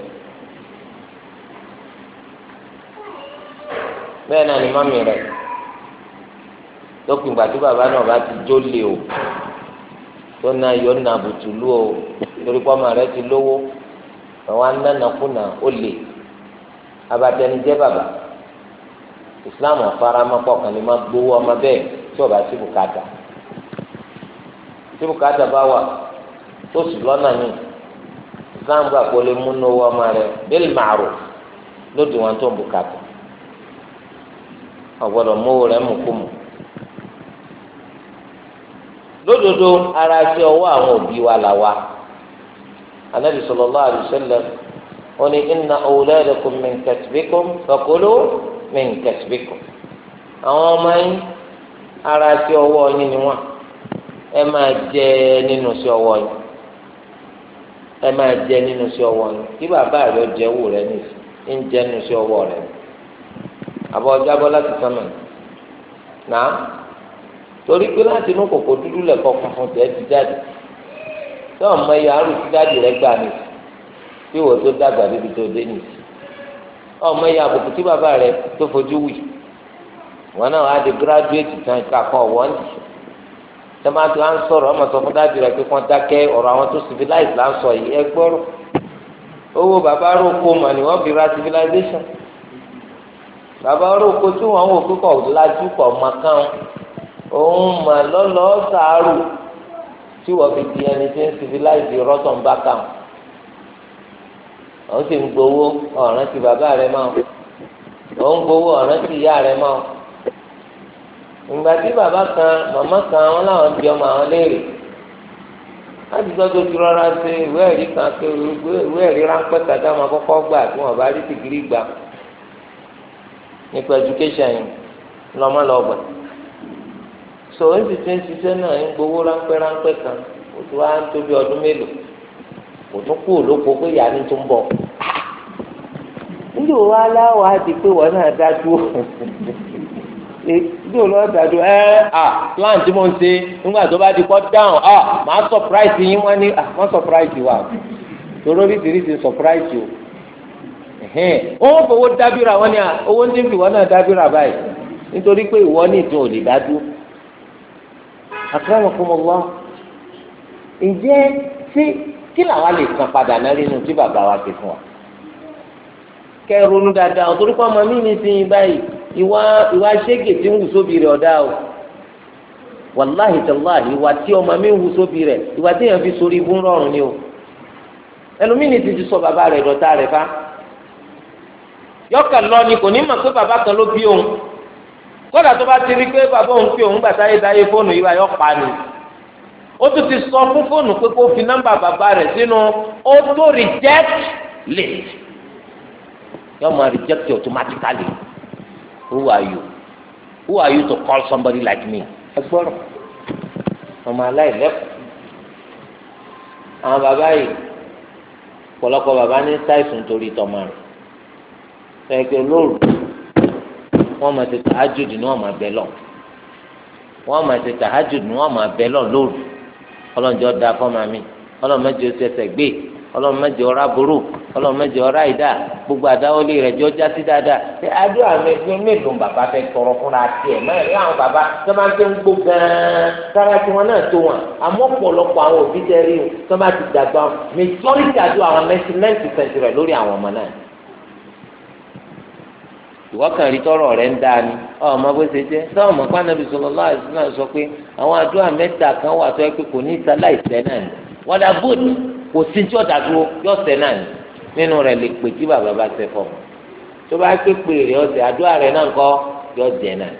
bẹ́ẹ̀ náà ni mọ́mì rẹ̀ lópin ìgbà tí bàbá náà bá ti jólè o tó na yọ na bùtùlù o torí pọ́mà rẹ ti lówó àwọn anánàkúnà ó lè abatẹnijẹ́ bàbá. islam ọ̀faramọ́pọ̀ kan lè má gbowó ọmọ bẹ́ẹ̀ tí ọba sí bùkátà tí bùkátà bá wà tó sì lọ́nà mi islam gbà kó lè mú náwó bẹ́ẹ̀ màrò lódì wọn tó ń bùkátà ọ̀gbọ́dọ̀ mówó rẹ mú kú mu lódodo ara ọwọ́ àwọn òbí wa là anabi sallallahu min kasbikum àwọn ọmọ yín ara sí ọwọ́ yín ni wọ́n ẹ máa jẹ nínú sí ọwọ́ yín ẹ máa jẹ nínú sí ọwọ́ yín kí bàbá rẹ jẹ owó rẹ nìyí ń jẹ nínú sí ọwọ́ rẹ àbọ̀ ọjọ́ láti sánmà náà torí pé láti inú kòkó dúdú lẹ̀kọ́ funfun tẹ̀ ti jáde tí ọmọ ti jáde rẹ gbà dàgbà tó dé ọmọ ìyá àbùkù tí bàbá rẹ tó fojú wì wọn náà wàá di gírádùétì tán kakọ wọn dì tẹmátì à ń sọ̀rọ̀ ọmọ sọ fún dáàbì rẹ pé kàn dákẹ́ ọ̀rọ̀ àwọn tó civilize là ń sọ yìí ẹ gbọ́rọ̀ owó bàbá rògbò mà ni wọn fi ra civilization bàbá rògbò tí wọn wò kíkọ lajú kọ ọmọ kan òun mà lọlọ sàárù tí wọn fi di ẹni tí ń civilize rọtọ̀ ń bá kàn. Ọ sì ń gbowó ọ̀ràn ti bàbá rẹ̀ máa òun gbowó ọ̀ràn ti ìyá rẹ̀ máa ìgbà tí bàbá kan màmá kan wọn làwọn bí ọmọ àwọn léèrè láti gbọ́ tó ti rọra ṣe ìwé ẹ̀rí kan pé ìwé ẹ̀rí ráńpẹ́ kàdá máa kọkọ gbà tí wọ́n bá rí tìgírí gbà nípa education yìí so sì ti ń ṣiṣẹ́ náà ń gbowó kan ó kò tún kú olóko pé ìyá mi tún bọ̀ ah! níjò wá láwàá ti pé wọn náà dá dúró ètò [LAUGHS] eh, lọ́dà dúró ẹ eh, à ah, plan tí mo ń ṣe nígbà tó bá di kọ́ down ah máa surprise yín wọ́n ní ah, wọ́n surprise wa torí oríṣiríṣi surprise o wọ́n fowó dábìrà wọ́n ní owó ń dín fìwọ́n náà dábìrà báyìí nítorí pé ìwọ ní ìtàn ò lè dá àkàrà kí làwa lè san padà náà nínú tí bàbá wa ti fún wa kẹ dada dáadáa torí ọmọ mi ní báyìí ìwà ìwà o wàláhì ìwà tí ọmọ mi ń rẹ ìwà tí fi sori ibú rọrùn ni o ẹlòmíì ti ti sọ bàbá rẹ dọta rẹ fa yọkàn lọ ni kò ní mọ̀ pé bàbá kan ló bí òun bá ti rí bàbá òun fi òun gbàtà ayé dáyé fóònù yìí wá ó tún ti sọ fún fóònù pé kó fi nọ́mbà bàbá rẹ̀ sínú auto reject list yóò máa reject automatically who are you who are you to call somebody like me ẹ gbọ́rọ̀ ọmọ aláìlẹ́kọ̀ọ́ àwọn bàbá yìí pọ̀lọpọ̀ bàbá ní ṣàìsùn torí tọmọ rẹ̀ pẹ̀lú lóru wọ́n máa ti tàájù dì ní wọ́n máa bẹ lọ wọ́n máa ti tàájù dì ní wọ́n máa lọ lóru ọlọ́njọ́ da fọ́mà mi ọlọ́mọdé tẹsẹ̀ gbé ọlọ́mọdé ọ̀rá burú ọlọ́mọdé ọ̀rá ìdá gbogbo àdáwọlé rẹ̀ jọ já sí dáadáa ṣé àdúrà mẹ́fẹ́ mélòó bàbá fẹ́ tọrọ fúnra tiẹ̀ mẹ́rin àwọn bàbá tó máa ń fẹ́ ń gbó gan-an sára tiwọn náà tó wọn àmọ́ pọ̀lọpọ̀ àwọn òbí tẹ́ rí o tó máa ti dàgbà mẹjọ́rìtì àdúrà àwọn mẹ́sìmẹ́ǹtì ìwọ́kàn rí tọrọ rẹ̀ ń dá ni ọmọ bó ṣe jẹ́ sọ ọmọ pa Ànábì sallallahu alaihi wasallam sọ pé àwọn àdúrà mẹ́ta kan wà tó yẹ pé kò ní ìsaláìsẹ́ náà ni wọ́n dá bóòdù kò sí tí ọ̀dà dúró yọ̀ọ̀sẹ̀ náà ni nínú rẹ̀ lè pè tí bàbá bá ṣe fọ́ ọmọ tó bá pé pè rẹ̀ ọ̀sẹ̀ àdúrà rẹ̀ náà kọ́ yọ̀ọ̀jẹ̀ náà ni.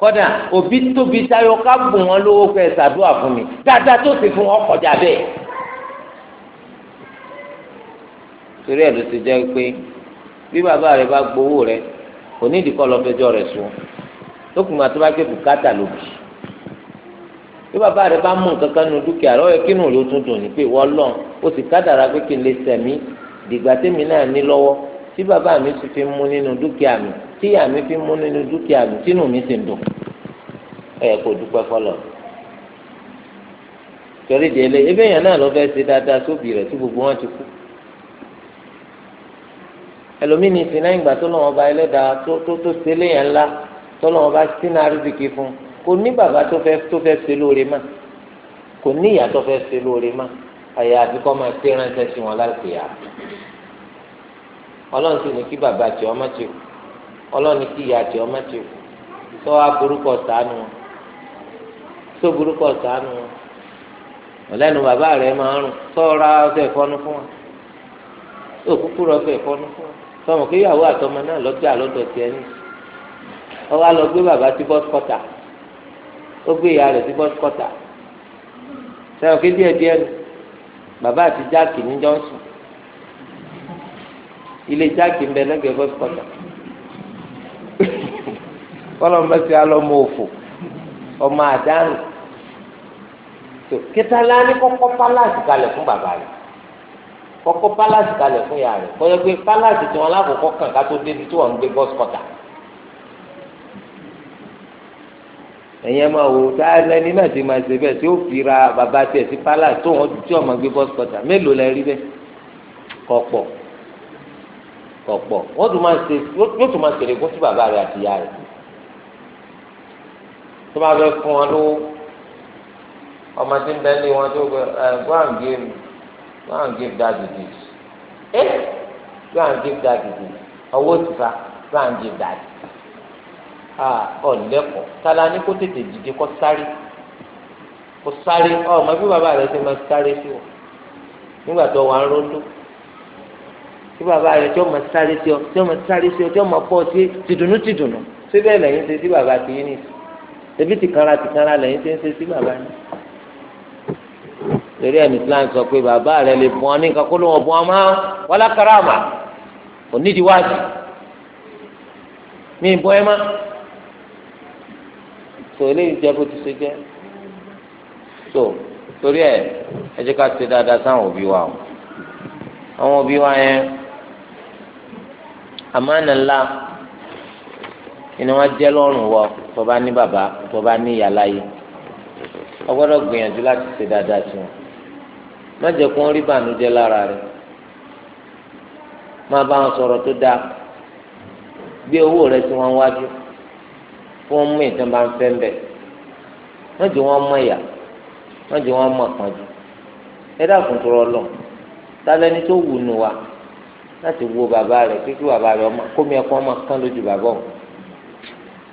kọ́dà òbí tóbi táyọ̀ ká bù wọn lówó fẹ́ ṣàdúrà fún mi dáadáa tó sì fún ọkọ̀ jà bẹ́ẹ̀ torí ẹ̀ ló ti jẹ́ pé bí bàbá rẹ bá gbowó rẹ kò ní ìdíkọ́ lọ fẹjọ́ rẹ sùn lókùnrin àti bá gbé bùkátà ló bì bí bàbá rẹ bá mú nǹkan kan nu dúkìá rẹ ọyọ kínú ló tún dùn ní pé wọ́n lọ́n ó sì kádàrá pé kí n lè sẹ̀mí dìgbà tèmi náà ní lọ́wọ́ tí bàbá mi sì fi mú nínú dúkìá mi tí ìyá mi fi mú nínú dúkìá mi tínú mi sì ń dùn ẹ kò dúpẹ́ fọlọ́ torí délé ebéèyàn náà ló fẹ́ ṣe dáadáa sóbì rẹ̀ tí gbogbo wọn ti kú ẹlòmíì ní ìsìn ìgbà tó lọ́wọ́ bá tó tó tó ṣe ńlá fún kò ní bàbá tó fẹ́ tó fẹ́ lóore mà kò ní ìyá tó ṣe lóore mà àyà àti kọ́ máa wọn láti yà ọlọ́run sì ní kí bàbá àti ọmọ ti ọlọ́run kí ìyá àti ọmọ ti wá burúkọ sànù wọn burúkọ sànù wọn ọlẹ́nu bàbá rẹ̀ máa ń rùn sọ ra fún wọn sọmọ kí ìyàwó àtọmọ náà lọ́jà lọ́dọ̀ tiẹ̀ ní ọwọ́ á lọ gbé bàbá sí bọ́s kọ́tà ó gbé ìyá rẹ̀ sí bọ́s kọ́tà sọmọ kí díẹ̀ díẹ̀ ní bàbá àti jáàkì ní Johnson ilé jáàkì ń bẹ lẹ́gbẹ̀ẹ́ bọ́s kọ́tà kọ́lọ́ mẹ́sì alọ́mọ òfò ọmọ àdánù kẹta lá ní kọ́kọ́ pálásì kalẹ̀ fún bàbá rẹ̀ kọ́kọ́ palace kalẹ̀ fún ya rẹ̀ kọ́yọ́ pé palace tí wọn lákòókò kàn ká tó débi tí wọn ń gbé bọ́sù kọ́tà. ẹ̀yin ẹ̀ máa wò tá a lẹni náà ti máa ṣe bẹ́ẹ̀ tí ó fi ra bàbá tiẹ̀ sí palace tó wọn tí ọmọ gbé bọ́sù kọ́tà mélòó lẹ rí bẹ́ẹ̀ kọ̀pọ̀ kọ̀pọ̀ wọ́n tún máa ṣe yóò tún máa ṣèlè fún sí bàbá rẹ̀ àti ìyá rẹ̀ tó bá fẹ́ fún wọn lówó ọmọ tí ń bẹ́ẹ̀ lé wọn tó gbọ́ go and give daddy this eh go and give daddy this owó ti fa go and give daddy ah ọ̀lẹ́kọ̀ọ́ tala ni kó tètè dìde kó sáré kó sáré ọmọ bí bàbá rẹ ṣe máa sáré sí ọ nígbà tó wà ń ròndó tí bàbá rẹ tí ó máa sáré sí ọ tí ó máa sáré sí ọ tí ó máa pọ̀ sí tìdùnnú tìdùnnú síbẹ̀ lẹ́yìn ṣe sí bàbá tìyín nìyí tẹ̀bí tìkanra tìkanra lẹ́yìn ṣe ń ṣe sí bàbá yín torí ẹni Islam sọ pé bàbá rẹ lè bọ́n ní nǹkan kó ló wọ́n bọ́n ọmọ wọlé karama onídìíwájú mi bọ́ ẹ má tó eléyìí jẹ́ bó ti ṣe jẹ́ tó torí ẹ ẹ jẹ́ ká ṣe dáadáa sáwọn òbí wa o àwọn òbí wa yẹn àmánà ńlá inú wa jẹ́ lọ́rùn wọ tó bá ní bàbá tó bá ní ìyá láyé ọgbọ́dọ̀ gbìyànjú láti ṣe dáadáa sí wọn má jẹ́ kó ń rí bànújẹ́ lára rẹ̀ máa bá wọn sọ̀rọ̀ tó dáa gbé owó rẹ̀ tí wọ́n wájú fún mú ìtàn bá ń fẹ́ bẹ̀ má jẹ́ wọ́n mọ ìyà má jẹ́ wọ́n mọ àpọ́njú ẹ dákun tó rọ lọ tálẹ́ni tó wù nù wa láti wo bàbá rẹ̀ kíkí bàbá rẹ̀ ọmọ kómi ẹ̀kọ́ ọmọ kán lójú bàbá òun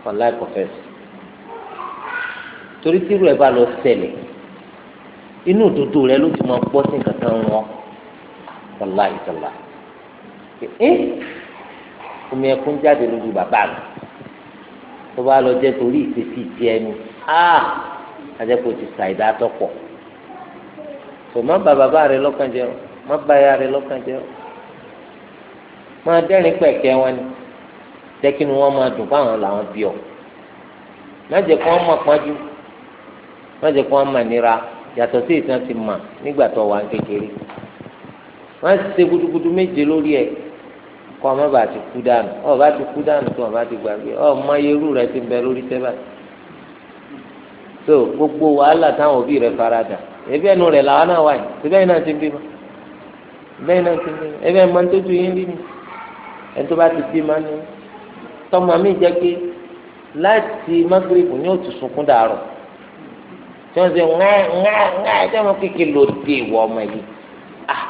ọ̀la ẹ̀kọ́ fẹ́ẹ́ torí tírú ẹ̀ bá lọ ṣẹlẹ̀ inú òtútù rẹ ló ti máa gbọ́ sí nǹkan kan wọn tọ́lá ìtọ́lá ẹ omi ẹkún jáde lójú bàbá mi tó bá lọ jẹ́ torí ìṣesí ìdí ẹni ajẹ́pọ̀ ti ṣàìdá tọ́pọ̀ tò má bà bàbá rẹ lọ́kàn jẹ́ má bà ya rẹ lọ́kàn jẹ́ o máa dẹ́rìn wọn ni jẹ́ kí ni wọ́n máa dùn báwọn làwọn bí ọ má jẹ́ kí wọ́n mọ̀ pọ́njú má jẹ́ kí wọ́n mọ̀ nira yàtọ̀ sí ìtàn ti mà nígbà tó wà ń kékeré wọ́n ti ṣe gudugudu méje lórí ẹ̀ kọ́ ọmọ bá ti kú dànù ọ̀ bá ti kú dànù tó ọmọ bá ti gbàgbé ọ̀ mọ irú rẹ ti bẹ lórí tẹ́ báyìí so gbogbo wàhálà táwọn òbí rẹ faradà ebi ẹnu rẹ làwọn náà wà yìí síbẹ̀ yìí náà ti ń bímọ bẹ́ẹ̀ náà ti ń bímọ ebi ẹ̀ máa ń tójú yín rí ni ẹni tó bá ti bímọ ni tọmọ mi jẹ́ pé láti magreth ní òtún sunkún dàrọ̀ tí wọ́n ṣe ńgá ńgá ńgá ẹ̀jẹ̀ mọ́ kékeré ló dé ìwọ ọmọ yìí ah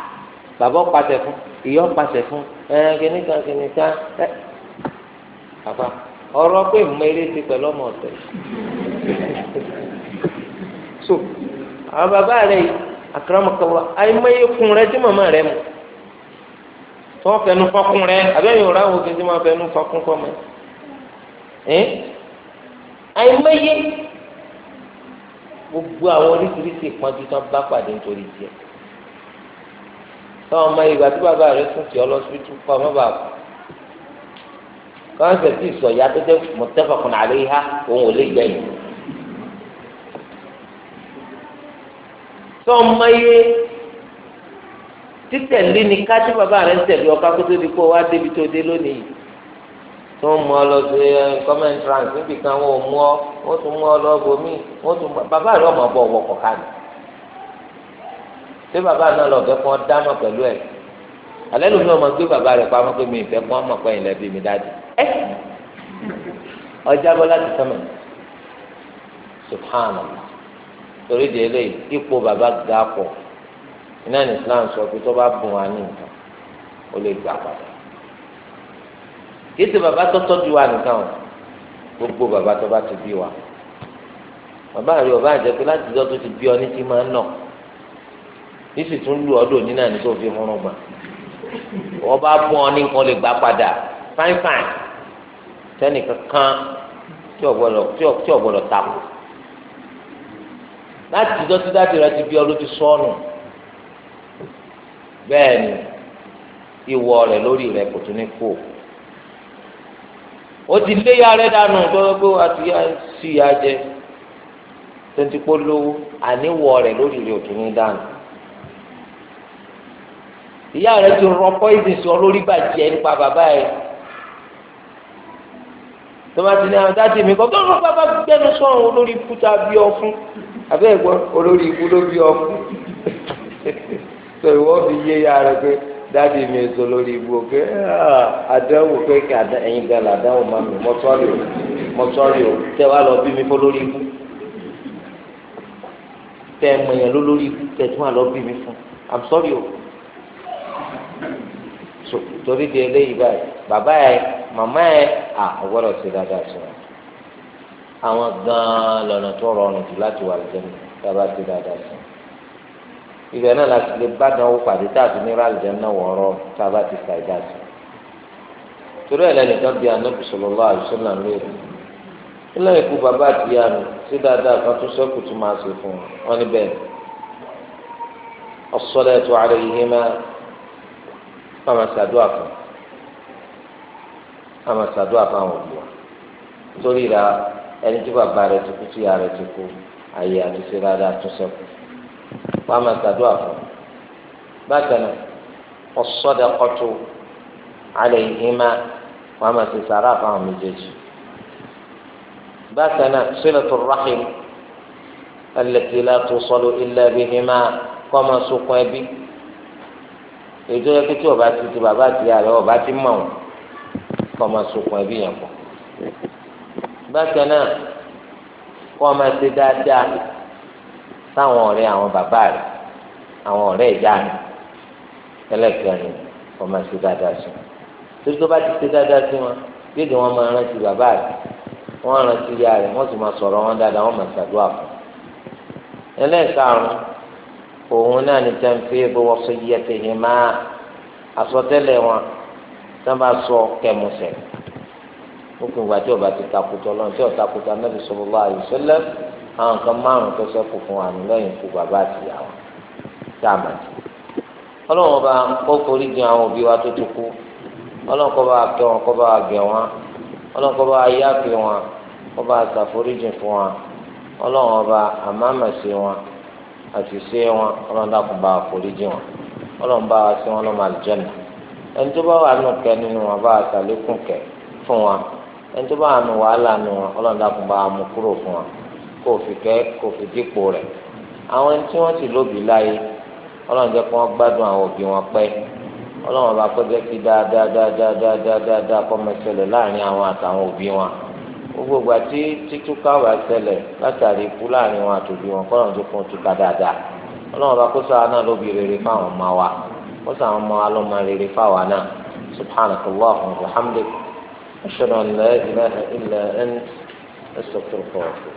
bàbá pàṣẹ fún ìyá pàṣẹ fún ẹ kìnnìkan kìnnìkan ẹ àfa ọ̀rọ̀ pé mẹ́rẹ́ ti pẹ̀lú ọmọ ọ̀tẹ̀ so àwọn bàbá rẹ àkàràmọ̀kọ̀wá àìmọye kun rẹ tí màmá rẹ mu tí wọ́n fẹnu fọkún rẹ àbẹ́yìn òrà àwọn obìnrin tí wọ́n fẹnu fọkún kọ́ mọ́ ẹ àìmọye gbogbo àwọn oríṣiríṣi ìpọ́njú tán bá pàdé nítorí tiẹ̀ táwọn ọmọ ìgbà tí bàbá rẹ̀ sùn tí ọlọ́sibítù kọ́ ọmọ bàbá kọ́ńsẹ̀ tí ìsọ̀ ya tó jẹ́ mọ̀tẹ́fọ̀kùn àlẹ́ ìhá òun ò lè gbẹ̀yìn. sọ́ọ́mọ yé títẹ̀lé ni ká tí bàbá rẹ̀ ń tẹ̀lé ọkọ akótó di kó wá débi tó dé lónìí tó ń mú ọ lọ sí common eh, trans níbi kan wọn ò mú ọ wọn tún mú ọ lọ bomi wọn tún bàbá rẹ ọmọ bọ wọkọ káàdì ṣé bàbá náà lọ fẹ́ kó ọ dáná pẹ̀lú ẹ alẹ́ lómi ọmọ gbé bàbá rẹ pamọ́ pé mi ìfẹ́ kó ọmọ pẹ́yìn lẹ́bi mi dáàdì ẹ ọjà bọ́ láti sọmọ subhanallah torí di eléyìí ipò bàbá ga pọ̀ iná ní Islam sọ pé tó bá bùn wá ní nǹkan ó lè gbà padà kìí ṣe bàbá tọ́tọ́ bí wa nìkan o gbogbo bàbá tó bá ti bí wa bàbá rẹ ọba àjẹ pé láti ìjọ tó ti bí ọ ní ti máa ń nà níṣì tún lù ọdún ní náà ní tó fi hurun gbà ọba bọ́ ọ ní nǹkan lè gbà padà fáin fáin tẹ́nì kankan tí ò gbọ́dọ̀ takò láti ìjọ tó dájú rẹ ti bí ọ ló ti sọnù bẹ́ẹ̀ ni ìwọ rẹ lórí rẹ kò tún ní kó o o ti lé ya rẹ dànù gbọ́dọ̀ àti ya sí ya jẹ tẹ́tí pọ́ lówó àníwọ̀ rẹ̀ lórí rẹ̀ òtún ní dànù ìyá rẹ̀ ti rọ poison sọ lórí bàjẹ́ nípa bàbá yẹn tomati ní àwọn dáàtì mi kọ́ gbọ́dọ̀ bàbá gbẹ́nu sọ̀rọ̀ olórí ikú tá a bí ọ fún abẹ́ ẹ̀gbọ́n olórí ikú ló bí ọ fún tó [LAUGHS] fi yé ya rẹ̀ pé dáàdi mi èso lórí ibu òkè ah, àdéhùn kéèké ẹ̀yin gan la àdéhùn máa mi mọ́tọ́rì o mọ́tọ́rì o tẹ́ wá lọ bí mi fọ́ lórí ibu tẹ́ ẹ mọ èèyàn ló lórí ibu tẹ́ tún wà lọ bí mi fún i'm sorry o so torí di eléyìí báyìí bàbá yẹn màmá yẹn à ọgbọ́dọ̀ ṣe dáadáa sí wọn àwọn gan-an lọ́nà tó rọrùn jù láti wà lẹ́nu tá a bá ṣe dáadáa sí wọn. ibẹ̀ náà la lè bá dánwó pàdé tá a ti ní ráàlìjẹ́ náà wọ̀ọ́rọ́ tá a bá ti fà sí. torí ẹ̀ lẹ́nìkan bí anábì sallallahu alaihi wasallam bàbá àti ìyá mi sí dáadáa kan tó sẹ́kù tó máa ṣe fún wọn níbẹ̀. as-salatu alayhima wàá máa ṣàdúrà fún bákan náà ọ̀sọ́dẹ̀kọ́tù alẹ́ ìhìnmá wàá máa ṣe sàrà fáwọn méjèèjì bákan náà sílẹ̀tù rahim alẹ́tì látò sọ́lù ilẹ̀ ìhìnmá kọ́ máa sunkún ẹbí ètò yẹ kí tí ọba ti ti bàbá ti yà rẹ ọba ti mọ̀ wọn kọ́ máa sunkún ẹbí yẹn pọ̀ bákan náà kọ́ máa dáadáa sáwọn ọ̀rẹ́ àwọn bàbá rẹ̀ àwọn ọ̀rẹ́ ìyá rẹ̀ ẹlẹ́kẹrin wọ́n máa ṣe dáadáa sí wọn torí tó bá ti ṣe dáadáa sí wọn yéèdì wọn máa rántí bàbá rẹ̀ wọ́n rántí ìyá rẹ̀ wọ́n sì máa sọ̀rọ̀ wọn dáadáa wọ́n máa ṣàdúrà fún un ẹlẹ́karùn òun náà ní tẹ́ǹfẹ́ bó wọ́n sọ yíyẹ tẹ̀yìn máa àsọtẹ́lẹ̀ wọn tí wọ́n bá sọ kẹmùsẹ̀ ó kún ìgbà tí ọba ti takùtọ̀ lọ́nà àwọn nǹkan márùn tó sọkù fún wa lẹ́yìn ikú bàbá àtìyàwó a ọlọ́run ọba kó forí jìn àwọn òbí wa tó ti kú ọlọ́run kó bá wọn kó bá wọn ọlọ́run ọba àmàmàṣe wọn àṣìṣe wọn ọlọ́run dàkún bá forí wọn ọlọ́run bá wa sí wọn lọ́mọ àlùjẹ́nà ẹni tó bá wà nù nínú wọn bá kò fi kẹ́ kò fi dípò rẹ̀ àwọn ẹni tí wọ́n ti lóbi láyé ọlọ́run jẹ́ kí wọ́n gbádùn àwọn òbí wọn pẹ́ ọlọ́run ọba kó jẹ́ kí dáadáa dáadáa dáadáa dáadáa kọ́ máa ṣẹlẹ̀ láàrin àwọn àtàwọn òbí wọn gbogbo ìgbà tí títúkà wà ṣẹlẹ̀ látàrí ikú láàrin wọn àtòbí wọn kọ́ tó kún túkà dáadáa ọlọ́run ọba kó sáà náà lóbi rere fáwọn ọmọ wa kó sáà ọmọ wa ló máa rere fáwọn náà subhanakallah wa hamdik ashhadu an la ilaha illa ant astaghfiruka